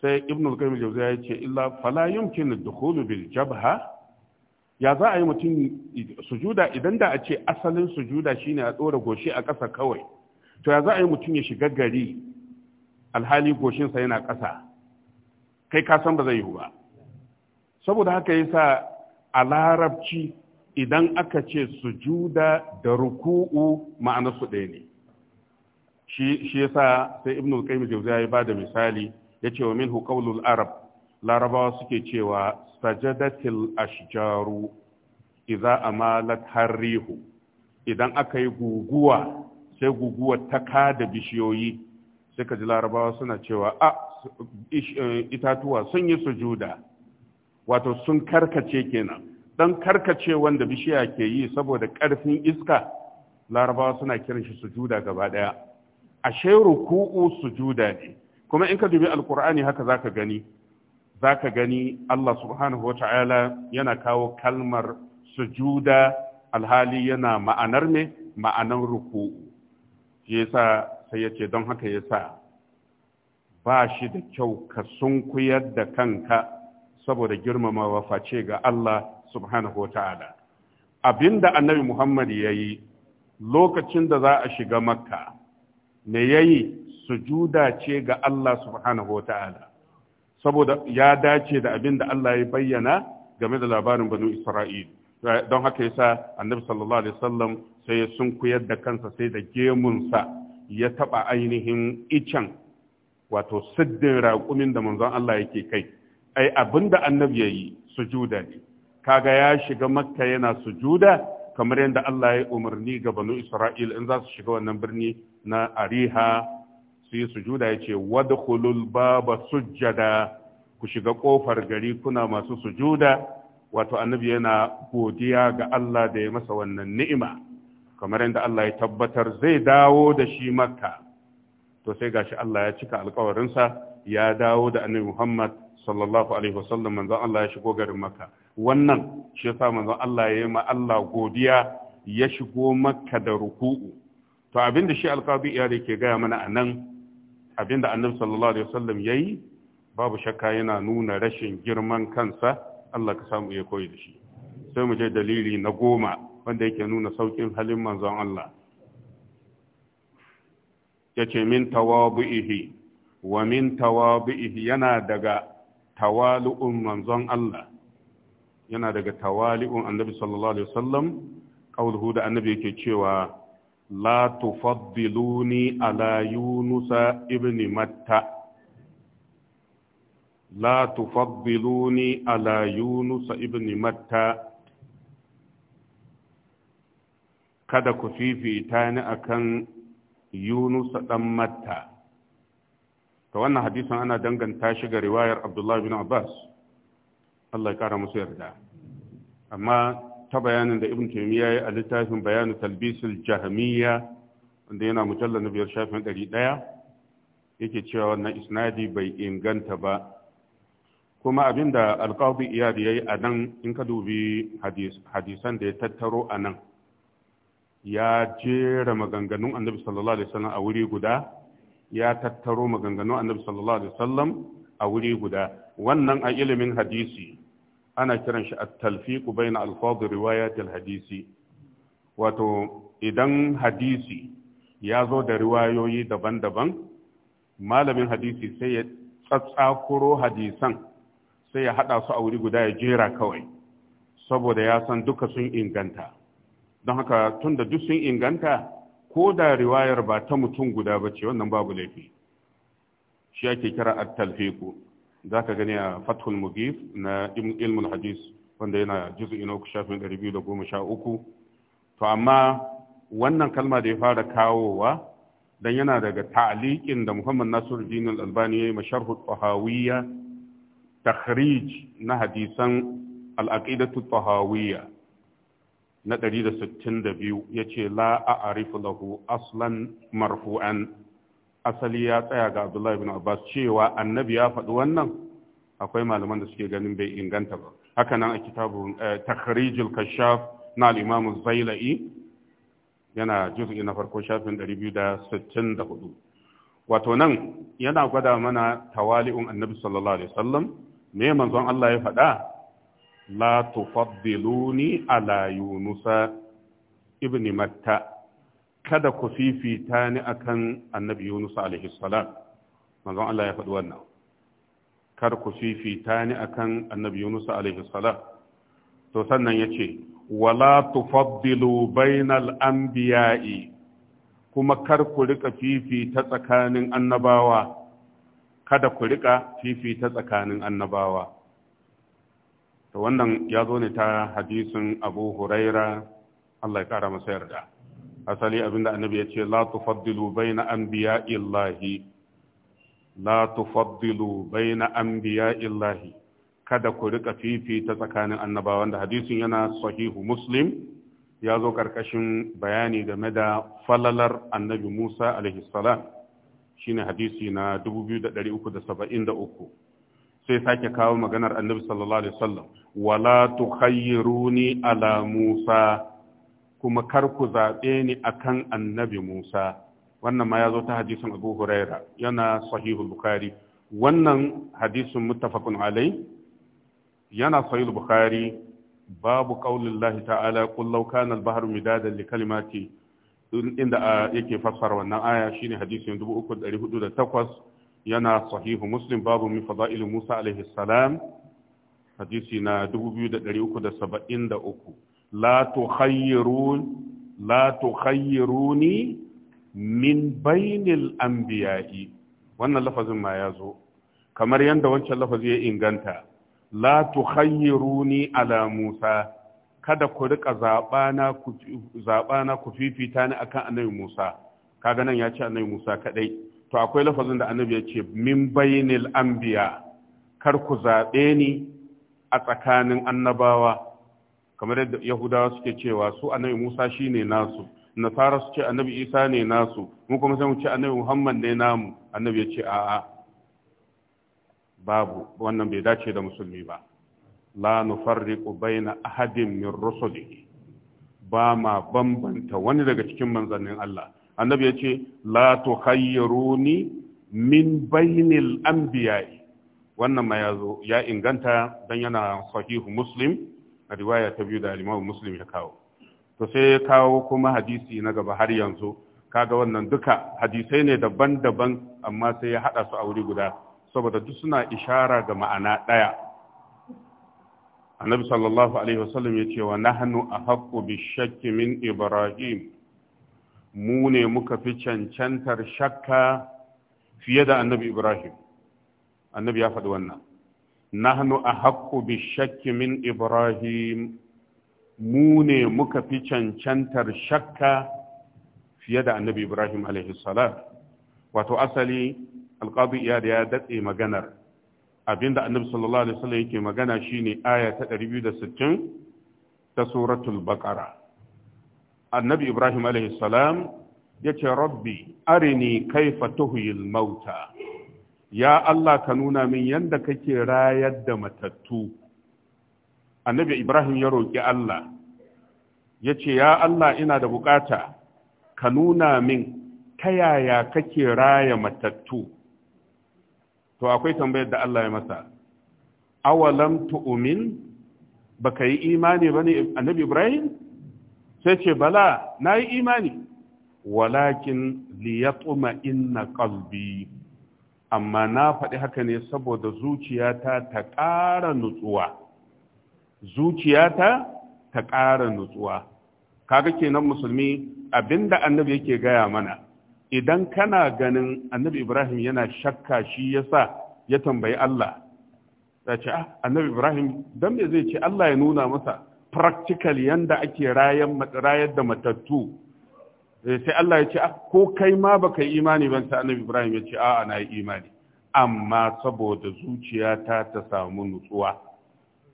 sai ibnu al-qayyim jawziya ya ce illa fala yumkinu dukhulu bil jabha ya za a yi mutum sujuda idan da a ce asalin sujuda shine a tsora goshi a ƙasa kawai to ya za a yi mutum ya shiga gari alhali goshinsa yana ƙasa kai ka san ba zai yiwu ba saboda haka sa a larabci idan aka ce sujuda da ruku'u ma'anarsu ɗaya ne shi yasa sai ibnu qayyim jawziya ya bada misali yace wa minhu qawlul arab larabawa suke cewa sajadatil ashjaru idza amalat harrihu idan aka yi guguwa sai guguwa ta da bishiyoyi sai ka ji larabawa suna cewa a eh, itatuwa sun yi sujuda wato sun karkace kenan dan karkace wanda bishiya ke yi saboda karfin iska larabawa suna kiran shi sujuda gaba daya ashe ruku'u sujuda ne kuma in ka dubi alqur'ani haka zaka gani za ka gani Allah subhanahu ta’ala yana kawo kalmar sujuda alhali yana ma'anar ne, ma'anar ruku. shi sa sai ya ce don haka ya sa ba shi da kyau ka sunkuyar da kanka saboda girmamawa face ga Allah subhanahu abin abinda annabi Muhammad ya yi lokacin da za a shiga makka me ya yi sujuda ce ga Allah subhanahu ta’ala saboda ya dace da abin da Allah ya bayyana game da labarin banu Isra'il don haka yasa Annabi sallallahu alaihi wasallam sai ya sunkuyar da kansa sai da gemunsa ya taba ainihin icen wato siddin raƙumin da manzon Allah yake kai ai abin da Annabi yayi sujuda ne kaga ya shiga Makka yana sujuda kamar yadda Allah ya umarni ga banu Isra'il in za su shiga wannan birni na Ariha su sujuda ya ce wadkhulul baba sujjada ku shiga kofar gari kuna masu sujuda wato annabi yana godiya ga Allah da ya masa wannan ni'ima kamar yadda Allah ya tabbatar zai dawo da shi makka to sai gashi Allah ya cika alkawarinsa ya dawo da annabi Muhammad sallallahu alaihi wasallam manzon Allah ya shigo garin makka wannan shi yasa manzon Allah ya yi ma Allah godiya ya shigo makka da ruku'u to abin da shi alkabi iyali ke gaya mana a nan Abin da annabi sallallahu alaihi wasallam yayi babu shakka yana nuna rashin girman kansa Allah ka samu ya koyi da shi sai mu je dalili na goma wanda yake nuna saukin halin manzon Allah yace min tawabu'ihi wa min tawabu'ihi yana daga tawalu'un manzon Allah yana daga tawali'un annabi sallallahu alaihi wasallam kauluhu da annabi yake cewa la a ala yunusa ibn matta la tufaddiluni ala yunusa ibn matta kada ku fifita ni akan yunusa dan matta ta wannan hadisin ana danganta shi ga riwayar abdullahi bin abbas allah ya kara musu yarda amma ta bayanin da ibn taymiya ya a littafin bayanu talbisul jahmiya wanda yana mujalla na biyar shafin ɗari ɗaya yake cewa wannan isnadi bai inganta ba kuma abin da alƙawbi ya yi a nan in ka dubi hadisan da ya tattaro a nan ya jera maganganun annabi sallallahu alaihi wasallam a wuri guda ya tattaro maganganun annabi sallallahu alaihi wasallam a wuri guda wannan a ilimin hadisi ana kiran shi at talfiku bayna na riwayat al-hadisi wato idan hadisi ya zo da riwayoyi daban-daban malamin hadisi sai ya tsatsakuro hadisan sai ya hada su a wuri guda ya jera kawai saboda ya san duka sun inganta don haka tunda duk sun inganta ko da riwayar ba ta mutum guda ba ce wannan babu laifi shi ake kira at talfiku. za ka gani a fathul mugif na ilmul hadis wanda yana juzu'i ina uku shafin ɗari biyu da goma sha uku to amma wannan kalma da ya fara kawowa dan yana daga ta'liqin da Muhammad Nasiru Al-Albani yayi masharh al-Tahawiyya takhrij na hadisan al-aqidatu tahawiyya na 162 yace la a'rifu lahu aslan marfu'an asali ya tsaya ga abdullahi bin abbas cewa annabi ya faɗi wannan akwai malaman da suke ganin bai inganta ba haka nan a kitabun eh, takharijul kashaf na al-imam zailai yana juz'i na farko shafin 264 wato nan yana gwada mana tawali'un annabi sallallahu alaihi wasallam me manzon Allah ya faɗa la tufaddiluni ala yunusa ibni matta kada ku fifita ni akan annabi Yunus alaihi salam manzon Allah ya faɗi wannan kada ku fifita ni akan annabi Yunus alaihi salam to sannan yace wala tufaddilu bainal anbiya'i kuma kar ku rika fifita tsakanin annabawa kada ku rika fifita tsakanin annabawa to wannan ya zo ne ta hadisin Abu Huraira Allah ya kara masa yarda asali abinda annabi ya ce la tufaddilu baina anbiya'illahi la tufaddilu baina illahi kada ku rika fifita tsakanin annabawan da hadisin yana sahihu muslim ya zo karkashin bayani game da falalar annabi Musa alaihi salam shine hadisi na 2373 sai sake kawo maganar annabi sallallahu alaihi wasallam wala tukhayyiruni ala Musa kuma kar ku zaɓe ni akan annabi Musa wannan ma ya zo ta hadisin Abu Huraira yana sahihul Bukhari wannan hadisin muttafaqun alai yana sahihul Bukhari babu qaulillahi ta'ala qul law kana al-bahru midadan li kalimati inda ah, yake fassara wannan aya shine hadisin 3408 yana sahihu Muslim babu min fada'il Musa alaihi salam hadisi na 2373 لا تخيرون لا تخيروني من بين anbiya'i wannan lafazin ma ya zo kamar yadda wancan lafazi ya inganta la tukhayyiruni ala Musa kada ku rika zabana ku zabana ku fifita ni akan annabi Musa kaga nan ya ce annabi Musa kadai to akwai lafazin da annabi ya ce min bainil anbiya kar ku zabe ni a tsakanin annabawa kamar yadda yahudawa suke cewa su annabi musa shine nasu nasara su ce annabi isa ne nasu mu kuma sai mu ce annabi muhammad ne namu annabi ya ce a'a babu wannan bai dace da musulmi ba la nufarriqu baina ahadin min rusulihi ba ma bambanta wani daga cikin manzannin Allah annabi ya ce la tukhayyiruni min bainil anbiya'i wannan ma ya zo ya inganta dan yana sahihu muslim a riwaya ta biyu da alimamu muslim ya kawo to sai ya kawo kuma hadisi na gaba har yanzu kaga wannan duka hadisai ne daban-daban amma sai ya haɗa su a wuri guda saboda duk suna ishara ga ma'ana ɗaya annabi sallallahu alaihi wasallam ya ce wa nahnu a bishakki min ibrahim mu ne muka fi cancantar shakka fiye da annabi ibrahim annabi ya faɗi wannan nahnu ahaqqu bishakki min ibrahim mu ne muka fi cancantar shakka fiye da annabi ibrahim wato asali alqadi iyad ya datse maganar abinda annabi sallallahu alaihi wasallam yake magana shine aya ta 260 ta suratul baqara annabi ibrahim alaihi salam yace rabbi arini kaifa tuhyil mauta ya Allah ka nuna min yadda kake rayar da matattu annabi Ibrahim ya roƙi Allah ya ce ya Allah ina da bukata ka nuna min ta yaya kake raya matattu to akwai tambayar da Allah ya masa awalam tu'min baka yi imani bane annabi Ibrahim sai ce bala yi imani walakin liyatma inna qalbi amma na faɗi haka ne saboda zuciyata ta ƙara nutsuwa zuciyata ta ƙara nutsuwa kaga kenan musulmi abinda annabi yake gaya mana idan kana ganin annabi ibrahim yana shakka shi yasa ya tambayi allah ta ce ah, annabi ibrahim don me zai ce allah ya nuna masa practical yanda ake rayar da matattu Eh, sai Allah ya ce ah, ko kai ma baka yi imani ban sai annabi Ibrahim ya ce a'a na yi imani amma saboda zuciyata ta samu nutsuwa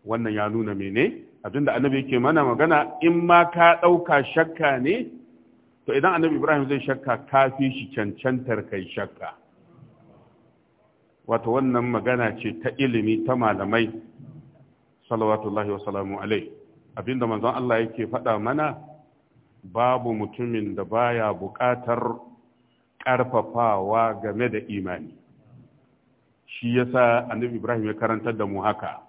wannan ya nuna mene abinda annabi yake mana magana in ma ka ɗauka shakka ne to idan annabi Ibrahim zai shakka kafi shi cancantar kai shakka wato wannan magana ce ta ilimi ta malamai alaihi wa sallam alai abinda manzon Allah yake faɗa mana babu mutumin da baya buƙatar ƙarfafawa game da imani shi yasa annabi ibrahim ya karantar da mu haka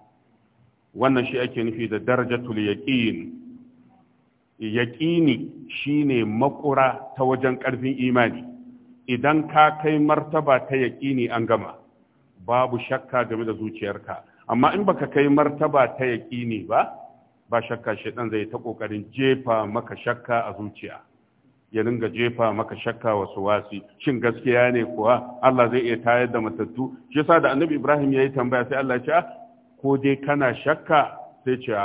wannan shi ake nufi da darajatul yaqin yaqini shine makura ta wajen ƙarfin imani idan ka kai martaba ta yaqini an gama babu shakka game da zuciyarka amma in baka kai martaba ta yaqini ba ba shakka shaidan zai ta kokarin jefa maka shakka a zuciya ya ringa jefa maka shakka wasu wasi shin gaskiya ne kuwa Allah zai iya tayar da matattu shi yasa da annabi Ibrahim yayi tambaya sai Allah ya ce ah, ko dai kana shakka sai ce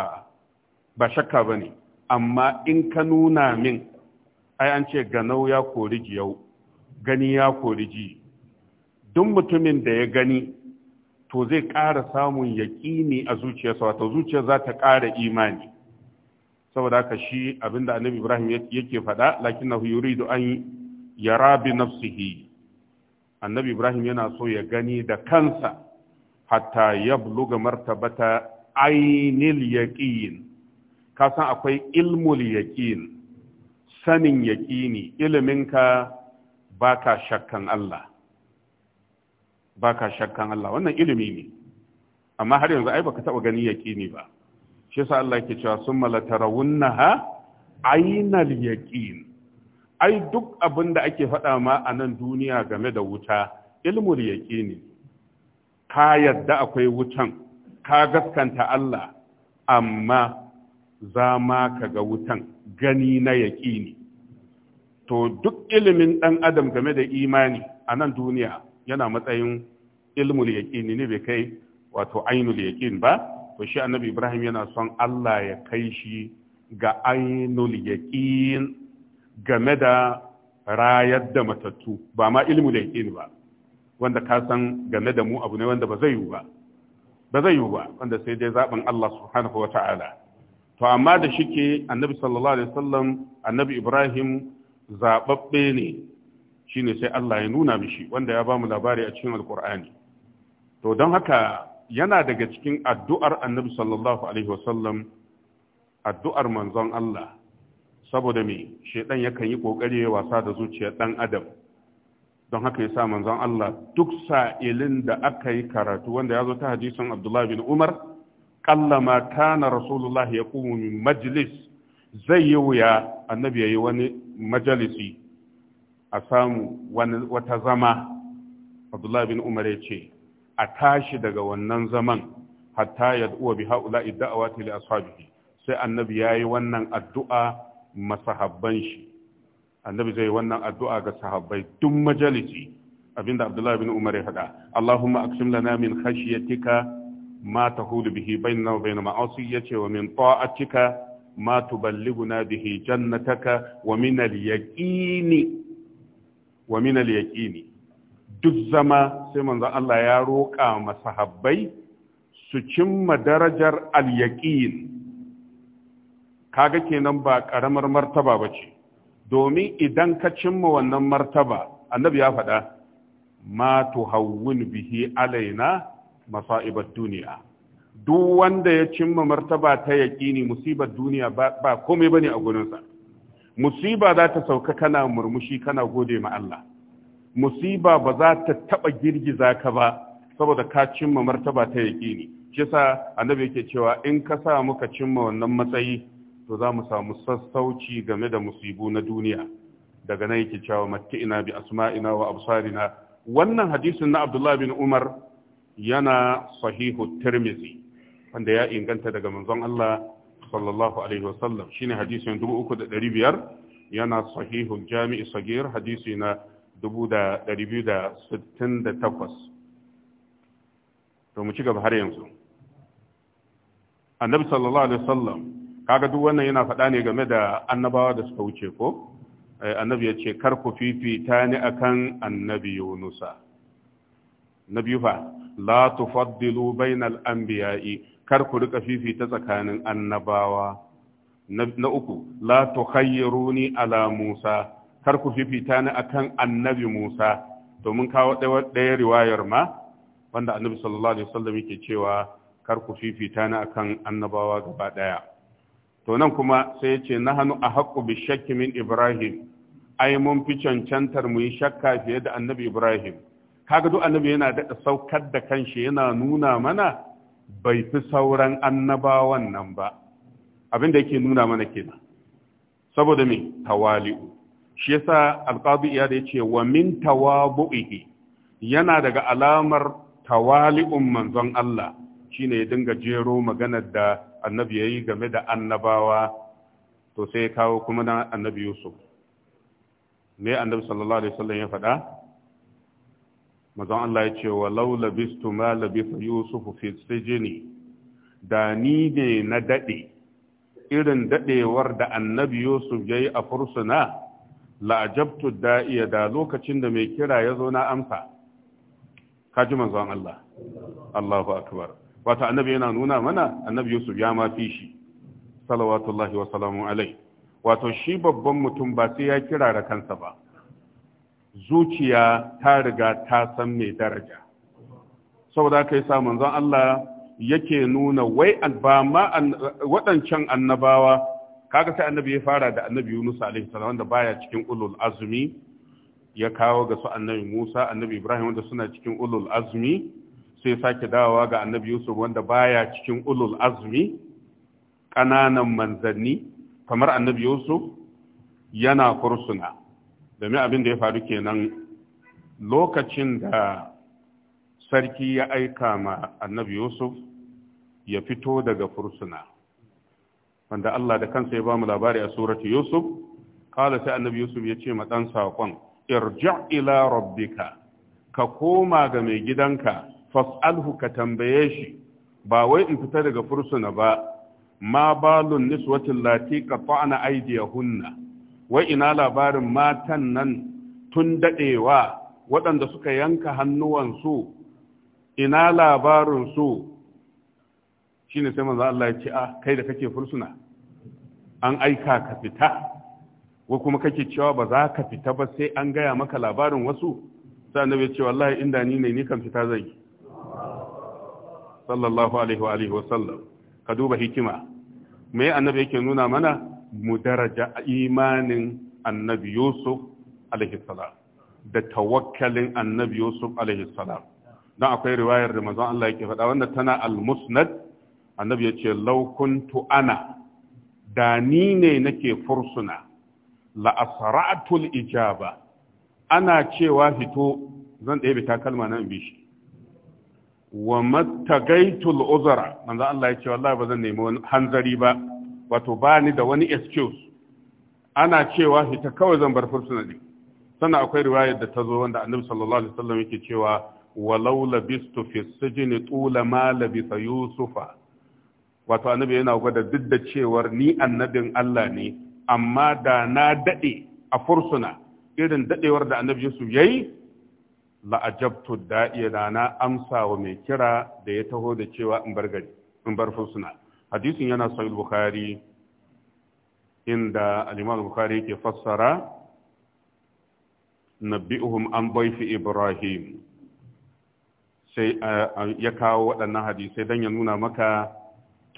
ba shakka bane amma in ka nuna min ai an ce ganau ya kori yau gani ya kori ji duk mutumin da ya gani to zai ƙara samun yaƙini a zuciyarsa wato zuciyar za ta ƙara imani saboda haka shi abinda annabi ibrahim yake faɗa lakin na huyuri da an ya rabi nafsihi annabi ibrahim yana so ya gani da kansa hatta ya buluga martabata ainil yaƙin. ka san akwai ilmul yaƙin, sanin yaƙini, iliminka baka shakkan Allah Ba ka shakkan Allah wannan ilimi ne amma har yanzu ai baka taba gani yaqini ba shi yasa Allah yake cewa summa latarawunnaha aynal yaqin ai duk abin da ake faɗa ma a nan duniya game da wuta ilmul yaqini ka yadda akwai wutan ka gaskanta Allah amma za ma ka ga wutan gani na yaƙini to duk ilimin dan adam game da imani a nan duniya yana matsayin ilmul yaqini ne bai kai wato ainul yaqin ba to shi annabi Ibrahim yana son Allah ya kai shi ga ainul yaqin game da rayar da matattu ba ma ilmul yaqin ba wanda ka san game da mu abu ne wanda ba zai yi ba ba zai yi ba wanda sai dai zaben Allah subhanahu wa ta'ala to amma da shike annabi sallallahu alaihi wasallam annabi Ibrahim zababbe ne shine sai Allah ya nuna mishi wanda ya bamu labari a cikin alkur'ani to don haka yana daga cikin addu'ar annabi sallallahu alaihi wasallam addu'ar manzon Allah saboda me shedan yakan yi kokari ya wasa da zuciyar dan adam don haka ya sa manzon Allah duk sa'ilin da aka yi karatu wanda ya zo ta hadisin Abdullah bin Umar kallama kana rasulullahi ya min majlis zai yi wuya annabi yayi yi wani majalisi a samu wata zama abdullahi bin umar ya ce a tashi daga wannan zaman hatta ya uwa bi haula idda'awa ta ashabihi sai annabi yayi wannan addu'a masahabban shi annabi zai wannan addu'a ga sahabbai duk majalisi abinda abdullahi bin umar ya faɗa allahumma aqsim lana min khashyatika ma tahulu bihi bainana wa bain ma'asi yace wa min ta'atika ma tuballighuna bihi jannataka wa min al-yaqini wa min al-yaqini duk zama sai manzo Allah ya roƙa masahabbai su cimma darajar al-yaqin kaga kenan ba karamar martaba bace domin idan ka cimma wannan martaba annabi ya faɗa ma tuhawwin bihi alaina masa'ibar duniya duk wanda ya cimma martaba ta yaƙini musibar duniya ba komai bane a gurinsa musiba za ta sauka kana murmushi kana gode ma Allah musiba ba za ta taba girgiza ka ba saboda ka cimma martaba ta yaƙini shi yasa annabi yake cewa in ka sa muka cimma wannan matsayi to za mu samu sassauci game da musibu na duniya daga nan yake cewa matti'ina bi asma'ina wa absarina wannan hadisin na Abdullah bin Umar yana sahihu Tirmidhi wanda ya inganta daga manzon Allah صلى الله عليه وسلم شيني حديث يندبو أكو داري بيار ينا صحيح الجامع صغير حديث ينا دبو دا داري بيو دا ستن دا تفس تومو چيكا بحري ينزو النبي صلى الله عليه وسلم كاكا دو وانا ينا فتاني غمي دا النبا دا سكو چيكو النبي يتشي كاركو في في تاني أكن النبي يونسا نبي فا لا تفضلوا بين الأنبياء kar ku rika fifita tsakanin annabawa na uku la tukhayyiruni ala Musa kar ku fifita ni akan annabi Musa domin kawo ɗaya riwayar ma wanda annabi sallallahu alaihi wasallam yake cewa kar ku fifita ni akan annabawa gaba ɗaya to nan kuma sai yace ce hannu a bi shakki min Ibrahim ai mun fi cancantar mu yi shakka fiye da annabi Ibrahim kaga duk annabi yana daɗa saukar da kanshi yana nuna mana bai fi sauran annabawan nan ba abin da yake nuna mana kenan saboda me tawali'u shi yasa alqabi ya da ce wa min tawabu'ihi yana daga alamar tawali'un manzon Allah shine ya dinga jero maganar da annabi yayi game da annabawa to sai ya kawo kuma na annabi Yusuf me annabi sallallahu alaihi wasallam ya faɗa mazan Allah ya ce wa laula bistu ma labisa yusufu fi sijini da ni ne na daɗe irin daɗewar da annabi yusuf yayi a fursuna la'ajabtu da'iya da lokacin da mai kira ya zo na amsa kaji manzon Allah Allahu akbar wato annabi yana nuna mana annabi yusuf ya ma fi shi salawatullahi wa salamu alai wato shi babban mutum ba sai ya kira da kansa ba zuciya ta riga ta san mai daraja saboda kai sa manzon Allah yake nuna wai ba waɗancan annabawa kaga sai annabi ya fara da annabi Yunus alaihi salam wanda baya cikin ulul azmi ya kawo ga su annabi Musa annabi Ibrahim wanda suna cikin ulul azmi sai sake dawowa ga annabi Yusuf wanda baya cikin ulul azumi. ƙananan manzanni kamar annabi Yusuf yana fursuna domin abin da ya faru kenan lokacin da sarki ya aika ma annabi yusuf ya fito daga fursuna wanda Allah da kansa ya ba mu labari a suratu yusuf kala sai annabi yusuf ya ce ma ɗan saƙon irji' ila rabbika ka koma ga mai gidanka fas'alhu ka tambaye shi ba wai in fita daga fursuna ba ma balun niswatin lati ya hunna. wai ina labarin matan nan tun daɗewa waɗanda suka yanka hannuwansu ina labarinsu shi ne sai manzo Allah ya ce a ah, kai da kake fursuna an aika ka fita wa kuma kake cewa ba za ka fita ba sai an gaya maka labarin wasu sai annabi ya ce wallahi inda ni ne ni kan fita zan yi sallallahu alaihi wa alihi wa sallam ka duba hikima me annabi yake nuna mana mu daraja imanin annabi Yusuf alaihi da tawakkalin annabi Yusuf alaihi salam akwai riwayar da mazan Allah yake faɗa wannan tana al-musnad annabi ya ce law ana da ni ne nake fursuna la asra'atul ijaba ana cewa fito zan ɗebe takalma nan bi shi wa mattagaitul uzra manzo Allah ya ce wallahi ba zan nemi hanzari ba wato ba ni da wani excuse ana cewa fita kawai zan bar fursuna ne sannan akwai riwayar da ta zo wanda annabi sallallahu alaihi wasallam yake cewa walau labistu fi sijni tula ma labisa yusufa wato annabi yana gwada duk da cewar ni annabin Allah ne amma da na dade a fursuna irin dadewar da annabi Yusuf yayi la'ajabtu da'iya na amsa wa mai kira da ya taho da cewa in bar gari in bar fursuna hadisin yana sahih bukhari inda al-imam bukhari ke fassara nabbi'uhum an baifi ibrahim sai eh, ya kawo waɗannan hadisai don ya nuna maka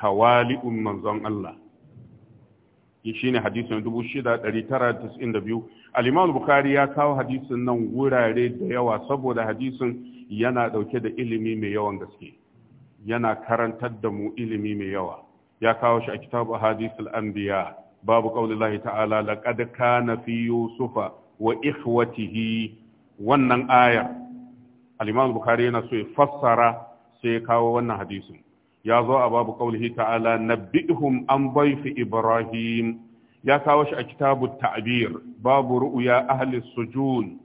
tawali'un manzon Allah shi ne hadisun 6,992 alimanu bukari ya kawo hadisin nan wurare da yawa saboda hadisin yana ɗauke da ilimi mai yawan gaske yana karantar da mu ilimi mai yawa ya kawo shi a kitabu hadisul anbiya babu qaulillahi ta'ala laqad kana fi yusufa wa ikhwatihi wannan ayar al-imam bukhari yana so ya fassara sai ya kawo wannan hadisin ya zo a babu qaulihi ta'ala nabbihum an fi ibrahim ya kawo shi a kitabu ta'bir babu ru'ya ahli sujun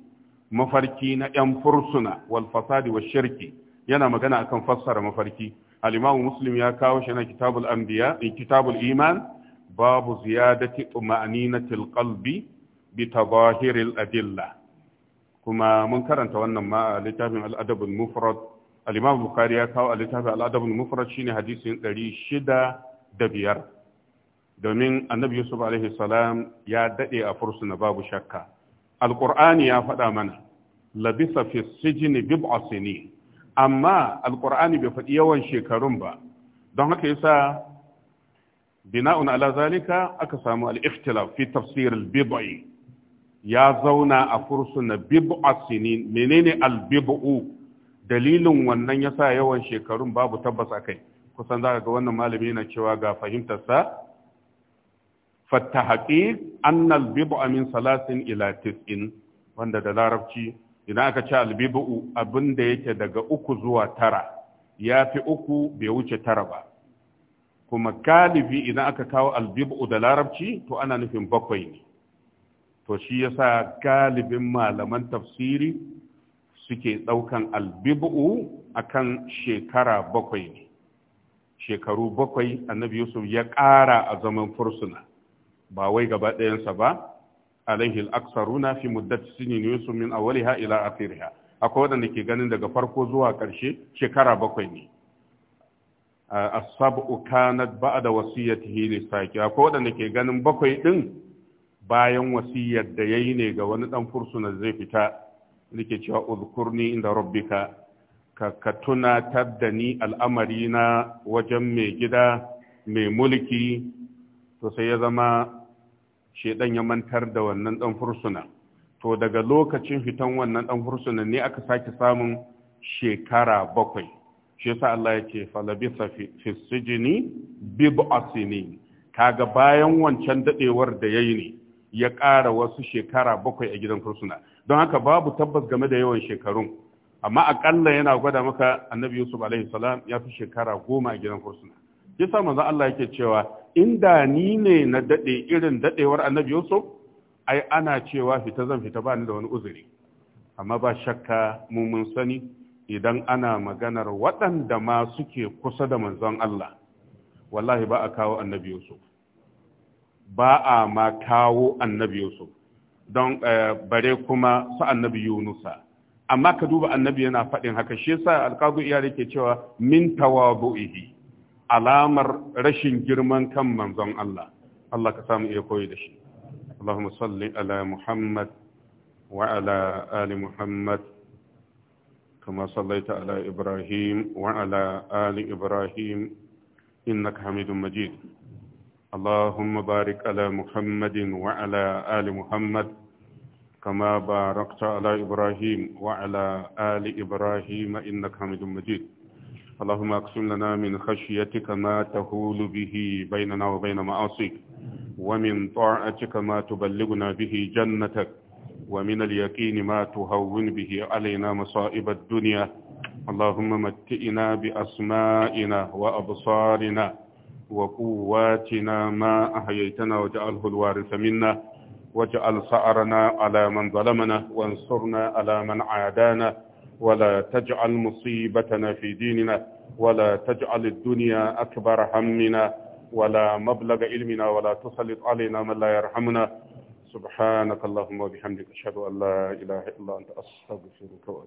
mafarki na yan fursuna wal fasadi wa shirki yana magana akan fassara mafarki al-imamu muslim ya kawo shi na kitabul anbiya in eh, kitabul iman babu ziyadati tuma'ninatil qalbi bi tadahiril adilla kuma mun karanta wannan ma a littafin al-adabul mufrad al-imamu bukhari ya kawo a littafin al-adabul mufrad shine hadisin 605 domin annabi yusuf alaihi salam ya dade a fursuna babu shakka al-qur'ani ya faɗa mana labisa fi sijni bib'a sinin amma alkur'ani bai faɗi yawan shekarun ba don haka yasa bina'un ala zalika aka samu al ikhtilaf fi tafsir al-bid'i ya zauna a fursuna bid'a menene al-bid'u dalilin wannan yasa yawan shekarun babu tabbas akai kusan za ga wannan malami yana cewa ga fahimtar sa fattahaqiq anna al-bid'a min salasin ila tis'in wanda da larabci idan aka ce albibu abin da yake daga uku zuwa tara ya fi uku bai wuce tara ba kuma galibi idan aka kawo albibu da larabci to ana nufin bakwai ne to shi yasa galibin malaman tafsiri suke ɗaukan albibu akan shekara bakwai ne shekaru bakwai annabi yusuf ya ƙara a zaman fursuna ba wai gaba ɗayansa ba alaihi al-aksaruna fi muddati sinin yusuf min awwaliha ila akwai wadanda ke ganin daga farko zuwa karshe shekara bakwai ne as-sab'u kanat ba'da wasiyatihi li saqi akwai wadanda ke ganin bakwai din bayan wasiyar da yayi ne ga wani dan fursuna zai fita nake cewa uzkurni inda rabbika ka ka tunatar da ni al'amari na wajen mai gida mai mulki to sai ya zama ɗan ya mantar da wannan ɗan fursuna to daga lokacin fitan wannan ɗan fursuna ne aka sake samun shekara bakwai shi yasa Allah ya ce falabisa fi sijini kaga bayan wancan daɗewar da yayi ne ya ƙara wasu shekara bakwai a gidan fursuna don haka babu tabbas game da yawan shekarun amma aƙalla yana gwada maka annabi yusuf alaihi salam ya fi shekara goma a gidan fursuna yasa manzo Allah yake cewa inda ni ne na dade irin dadewar annabi Yusuf ai ana cewa fita zan fita ba ni da wani uzuri amma ba shakka mu mun sani idan ana maganar waɗanda ma suke kusa da manzon Allah wallahi ba a kawo annabi Yusuf ba a ma kawo annabi Yusuf don eh, bare kuma su annabi Yunusa amma ka duba annabi yana faɗin haka shi yasa alƙadu iyare ke cewa min tawabu'ihi alamar rashin girman kan manzon Allah Allah ka samu iya koyi da shi Allahumma salli ala Muhammad wa ala ali Muhammad kama sallaita ala Ibrahim wa ala ali Ibrahim innaka Hamidum Majid اللهم بارك على محمد وعلى آل محمد كما باركت على إبراهيم وعلى آل إبراهيم إنك حميد مجيد اللهم اقسم لنا من خشيتك ما تهول به بيننا وبين معاصيك ومن طاعتك ما تبلغنا به جنتك ومن اليقين ما تهون به علينا مصائب الدنيا اللهم متئنا بأسمائنا وأبصارنا وقواتنا ما أحييتنا وجعله الوارث منا وجعل سعرنا على من ظلمنا وانصرنا على من عادانا ولا تجعل مصيبتنا في ديننا ولا تجعل الدنيا أكبر همنا ولا مبلغ علمنا ولا تسلط علينا من لا يرحمنا سبحانك اللهم وبحمدك أشهد أن لا إله إلا أنت أستغفرك وأتوب